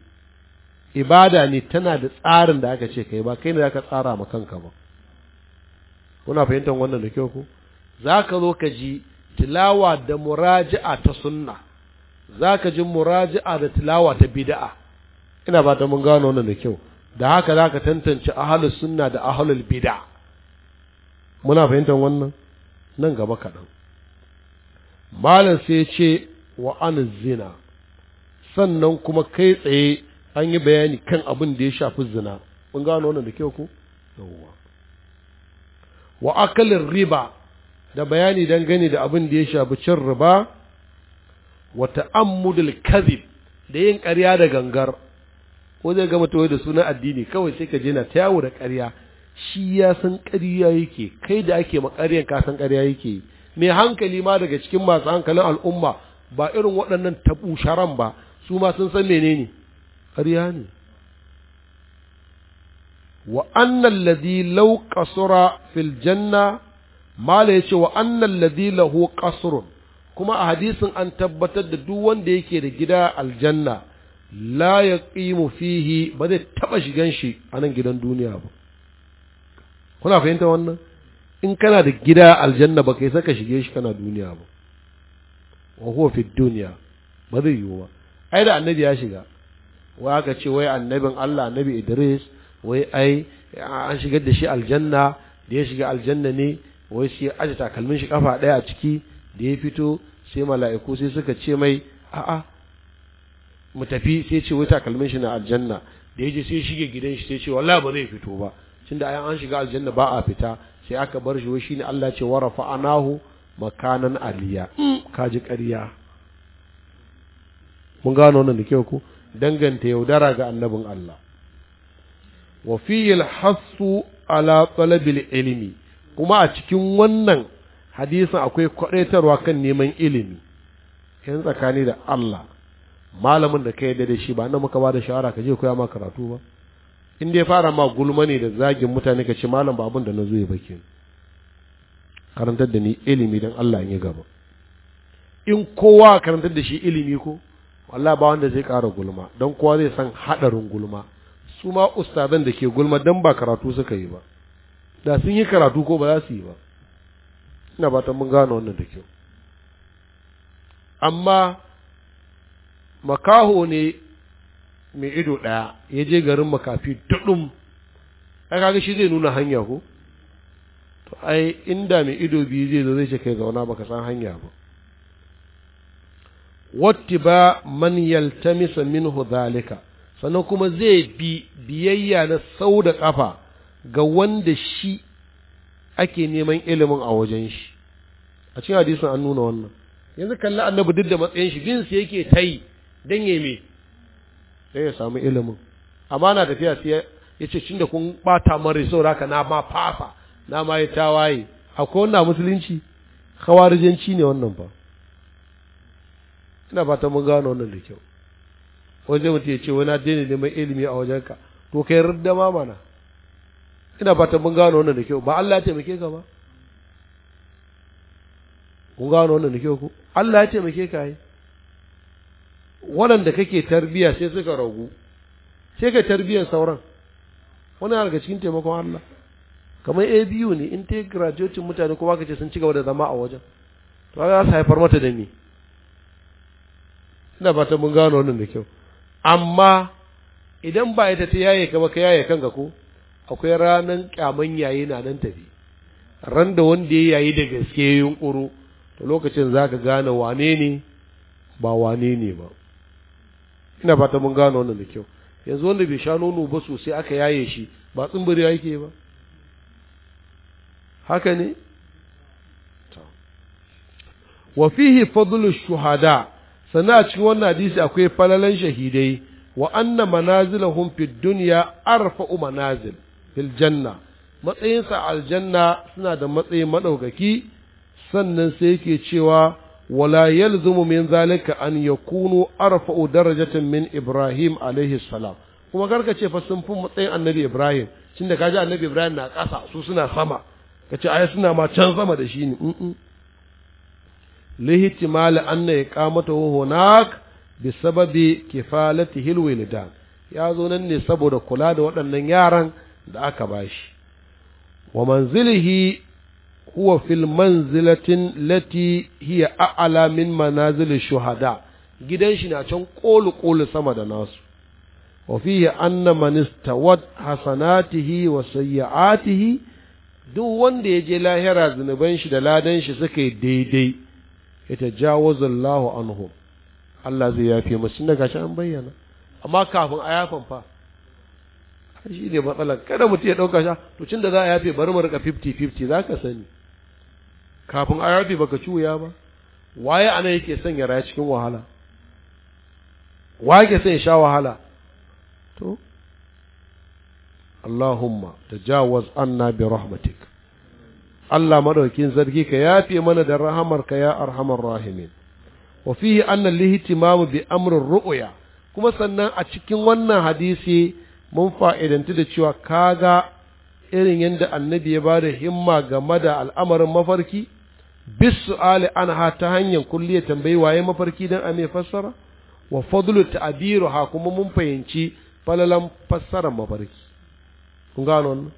ibada ne tana da tsarin da aka ce ka yi ba kai ne za ka tsara ma kanka ba kuna fahimtar wannan da kyau ku. za ka zo ka ji tilawa da muraji'a ta sunna za ka ji muraji'a da tilawa ta bida'a ina ba ta mun gano wannan da kyau da haka za ka tantance ahalus sunna da ahalul bida muna fahimtar wannan nan gaba kaɗan malam sai ce wa an zina sannan kuma kai tsaye an yi bayani kan abin da ya shafi zina Mun gano wannan da kyau ko yawwa wa akalin riba da bayani dangane da abin da ya shafi cin riba wa ta'ammudul kadhib da yin ƙarya da gangar ko zai gama tawaye da sunan addini kawai sai ka je na ta da ƙarya shi ya san ƙarya yake kai da ake ma ƙaryan ka san ƙarya yake mai hankali ma daga cikin masu hankalin al'umma ba irin waɗannan tabu sharan ba su ma sun san menene ƙarya ne wa annal ladhi law qasura fil janna mala yace wa annal ladhi lahu qasrun kuma a hadisin an tabbatar da duk wanda yake da gida aljanna la ya fihi ba zai taɓa shigan shi a nan gidan duniya ba kuna fahimta wannan in kana da gida aljanna ba kai saka shige shi kana duniya ba wa huwa fi duniya ba zai yiwu ba ai da annabi ya shiga wai aka ce wai annabin Allah annabi Idris wai ai an shigar da shi aljanna da ya shiga aljanna ne wai sai aje takalmin shi kafa ɗaya a ciki da ya fito sai mala'iku sai suka ce mai a'a mu tafi sai ce wai takalmin shi na aljanna da yaje sai shige gidan shi sai ce wallahi ba zai fito ba tunda ayan an shiga aljanna ba a fita sai aka bar shi wai shine Allah ce warafa anahu makanan aliya kaji ƙarya mun gano wannan da kyau ko danganta yaudara ga annabin Allah wa fihi alhasu hasu ala talabil ilmi kuma a cikin wannan hadisin akwai kwadaitarwa kan neman ilimi yan tsakani da Allah malamin da ka yi da shi ba nan muka ba da shawara ka je koya ma karatu ba in dai fara ma gulma ne da zagin mutane ka ce malam ba abin da na zo ya bake karantar da ni ilimi don Allah in yi gaba in kowa karantar da shi ilimi ko Allah ba wanda zai ƙara gulma don kowa zai san haɗarin gulma su ma ustazan da ke gulma don ba karatu suka yi ba da sun yi karatu ko ba za su yi ba ina ba ta mun gane wannan da kyau amma makaho ne mai ido ɗaya ya je garin makafi duɗum ai kaga shi zai nuna hanya ko to ai inda mai ido biyu zai zo zai ce kai zauna baka san hanya ba wattiba man yaltamisa minhu zalika sannan kuma zai bi biyayya na sau da ƙafa ga wanda shi ake neman ilimin a wajen shi a cikin hadisin an nuna wannan yanzu kalli annabi duk da matsayin shi bin su yake ta yi dan ya me sai ya samu ilimin amma na tafiya sai ya ce tunda kun bata mare saboda raka na ma fafa na ma yi tawaye akwai wannan musulunci khawarijanci ne wannan ba ina fata mun gano wannan da kyau wani zai mutu ya ce wani daina neman ilimi a wajenka to kai rudda ma mana ina fata mun gano wannan da kyau ba Allah ya taimake ka ba kun gano wannan da kyau ko Allah ya taimake ka yi waɗanda kake tarbiya sai suka ragu sai ka tarbiyyar sauran wani daga cikin taimakon Allah kamar ABU ne in ta yi graduating mutane kuma ka ce sun ci gaba da zama a wajen to za su haifar mata da ni ina ta mun gano wannan da kyau amma idan ba ita ta yaye ka ka yaye kanka ko akwai ranan kyaman yayi na nan tafi ran da wanda ya yayi da gaske yunkuru to lokacin za ka gane wane ne ba wane ne ba ina fata mun gano wannan da kyau yanzu wanda bai sha nono ba sosai aka yaye shi ba tsumbari yake ba haka ne wa fihi fadlu shuhada sannan a cikin wannan hadisi akwai falalan shahidai wa anna manazilahum fid dunya arfa'u manazil fil janna matsayinsa aljanna suna da matsayin madaukaki sannan sai yake cewa ولا يلزم من ذلك أن يكون أرفع درجة من إبراهيم عليه السلام kuma karka ce fa sun fi matsayin annabi Ibrahim da kaji annabi Ibrahim na kasa su suna sama kace ai suna ma can sama da shi ne mm lihtimal anna iqamatu hunak bi sababi kifalatihi alwildan ya zo nan ne saboda kula da waɗannan yaran da aka bashi wa manzilihi huwa fil manzilatin lati hiya a'ala min manazil shuhada gidan shi na can kolu kolu sama da nasu wa fihi anna man istawad hasanatihi wa sayyi'atihi duk wanda ya je lahira zunuban shi da ladan shi suka yi daidai ita tajawaza Allahu anhu. Allah zai yafe mu shin gashi an bayyana amma kafin a yafan fa shi ne matsalar kada mutum ya ɗauka sha to cin da za a yafe bari mu rika 50-50 za ka sani kafin a baka ci ba waye anan yake son ya raya cikin wahala waye ke ya sha wahala to Allahumma tajawaz anna bi rahmatik Allah madaukin zargi ka yafe mana da ka ya arhamar rahimin wa fihi anna lihtimamu bi amrin ru'ya kuma sannan a cikin wannan hadisi mun fa'idanta da cewa kaga irin yadda annabi ya ba da himma game da al'amarin mafarki bisu ali anha ta hanyar kulliya tambayi waye mafarki dan a mai fassara wa fadlu ta'biru ha kuma mun fahimci falalan fassara mafarki kun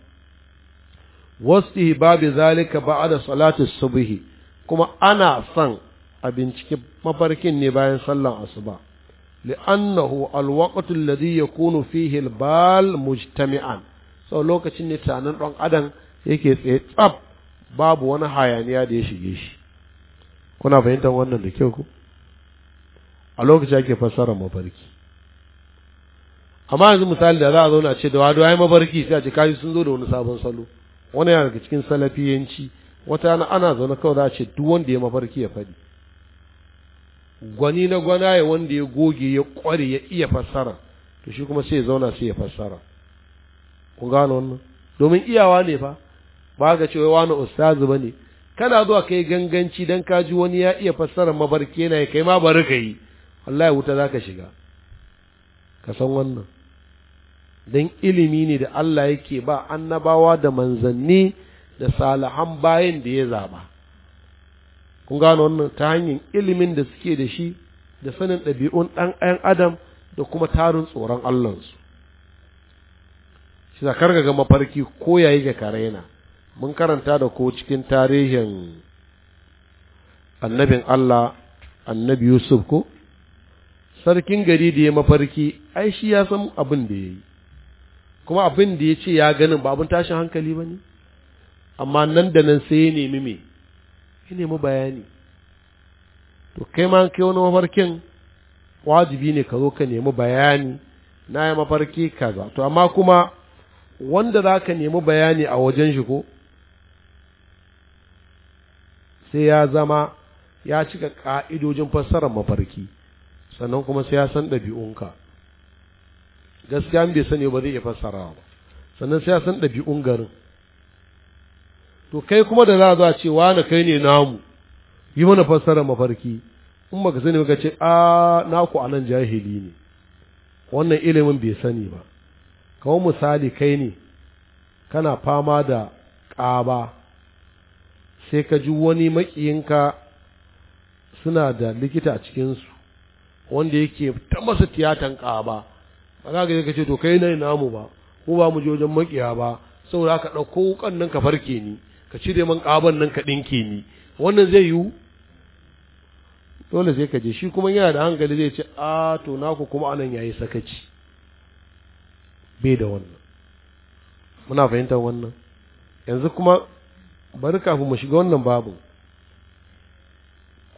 wasu babu zalika ba'da salatu subhi kuma ana son a bincike mafarkin ne bayan sallan asuba li'annahu alwaqtu alladhi yakunu fihi albal mujtami'an so lokacin ne tanan dan adam yake tsaye tsab babu wani hayaniya da ya shige shi kuna fahimtar wannan da kyau ku a lokaci ake fassara mafarki amma yanzu misali da za a zauna ce da wado ai mafarki sai a ce kaji sun zo da wani sabon salo wani yana daga cikin salafiyanci wata ana ana zaune kawai za a ce duk wanda ya mafarki ya faɗi gwani na gwana ya wanda ya goge ya ƙware ya iya fassara to shi kuma sai ya zauna sai ya fassara ku gano wannan domin iyawa ne fa ba ga cewa wani ustazu bane kana zuwa kai ganganci dan ka ji wani ya iya fassarar mabarke na kai ma bari ka wallahi wuta zaka shiga ka san wannan dan ilimi ne da Allah yake ba annabawa da manzanni da salihan bayin da ya zaba kun gano wannan ta hanyar ilimin da suke da shi da sanin ɗabi'un ɗan ɗan adam da kuma tarin tsoron Allahnsu shi za karga ga mafarki ko yayi ga karena mun karanta da ku cikin tarihin annabin Allah annabi Yusuf ko sarkin gari da ya mafarki ai shi ya san abin da ya yi kuma abin da ya ce ya ganin ba abin tashin hankali ba ne amma nan da nan sai ya nemi me ya nemi bayani to kai ma kai wani mafarkin wajibi ne ka zo ka nemi bayani na yi mafarki kaza to amma kuma wanda za ka nemi bayani a wajen shi ko sai ya zama ya cika ƙa'idojin fassarar mafarki sannan kuma sai ya san ɗabi'unka gaskiya bai sani ba zai iya fassara ba sannan sai ya san ɗabi'un garin to kai kuma da za a ce wani kai ne namu yi mana fassarar mafarki in ka sani ka ce a naku a nan jahili ne wannan ilimin bai sani ba kawo misali kai ne kana fama da ƙaba sai ka ji wani maƙiyinka suna da likita a cikinsu wanda yake ta masa tiyatan ƙaba ba za ka ka ce to kai yi namu ba ko ba mu je wajen maƙiya ba saboda ka ɗauko wukan nan ka farke ni ka cire man ƙaban nan ka ɗinke ni wannan zai yiwu dole sai ka je shi kuma yana da hankali zai ce a to naku kuma anan yayi sakaci bai da wannan muna fahimtar wannan yanzu kuma bari kafin mu shiga wannan babu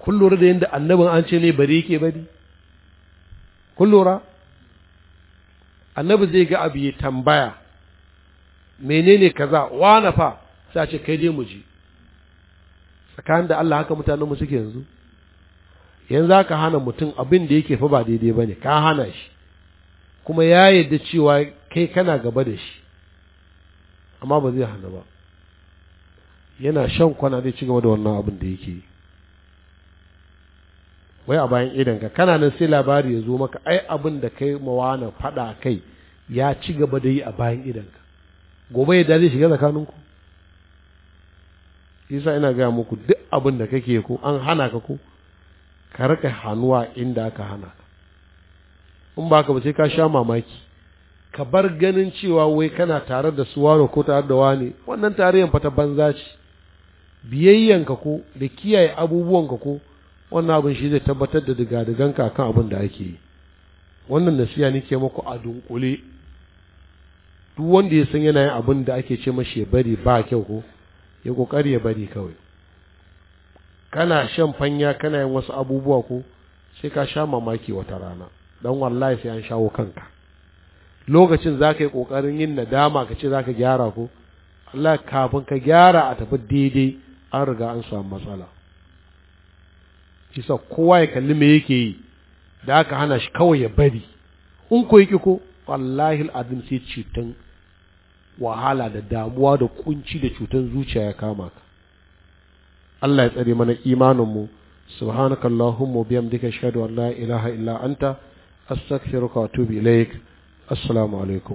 kun lura da yadda annabin an ce ne bari yake bari kun lura annabi zai ga abu ya tambaya menene kaza wana fa sai ce kai dai mu ji tsakanin da Allah haka mutanen mu suke yanzu yanzu ka hana mutum abin da yake fa ba daidai ba ne ka hana shi kuma ya yarda cewa kai kana gaba da shi amma ba zai hana ba yana shan kwana zai ci gaba da wannan abin da yake wai a bayan idan ka kana nan sai labari ya zo maka ai abin da kai mawana faɗa kai ya ci gaba da yi a bayan idan ka gobe ya zai shiga tsakaninku isa ina gaya muku duk abin da kake ko an hana ka ko ka rika hannuwa inda aka hana ka in ba ka ba sai ka sha mamaki ka bar ganin cewa wai kana tare da suwaro ko tare da wani wannan tarihin fata banza ce biyayyanka ko da kiyaye abubuwanka ko wannan abin shi zai tabbatar da diga-diganka kan abin da ake yi wannan nasiya nike muku a dunkule duk wanda ya san yana yin abin da ake ce mashi ya bari ba kyau ko ya kokari ya bari kawai kana shan fanya kana yin wasu abubuwa ko sai ka sha mamaki wata rana dan wallahi sai an shawo kanka lokacin za ka yi ƙoƙarin yin nadama ka ce za ka gyara ko Allah kafin ka gyara a tafi daidai an riga an samu matsala kisa kowa ya kalli me yake yi da aka hana shi kawai ya bari in ko yake ko wallahi al'adun sai cutan wahala da damuwa da kunci da cutan zuciya ya kama ka Allah ya tsare mana imaninmu subhanaka allahumma bihamdika ashhadu an la ilaha illa anta astaghfiruka wa atubu ilaik assalamu alaikum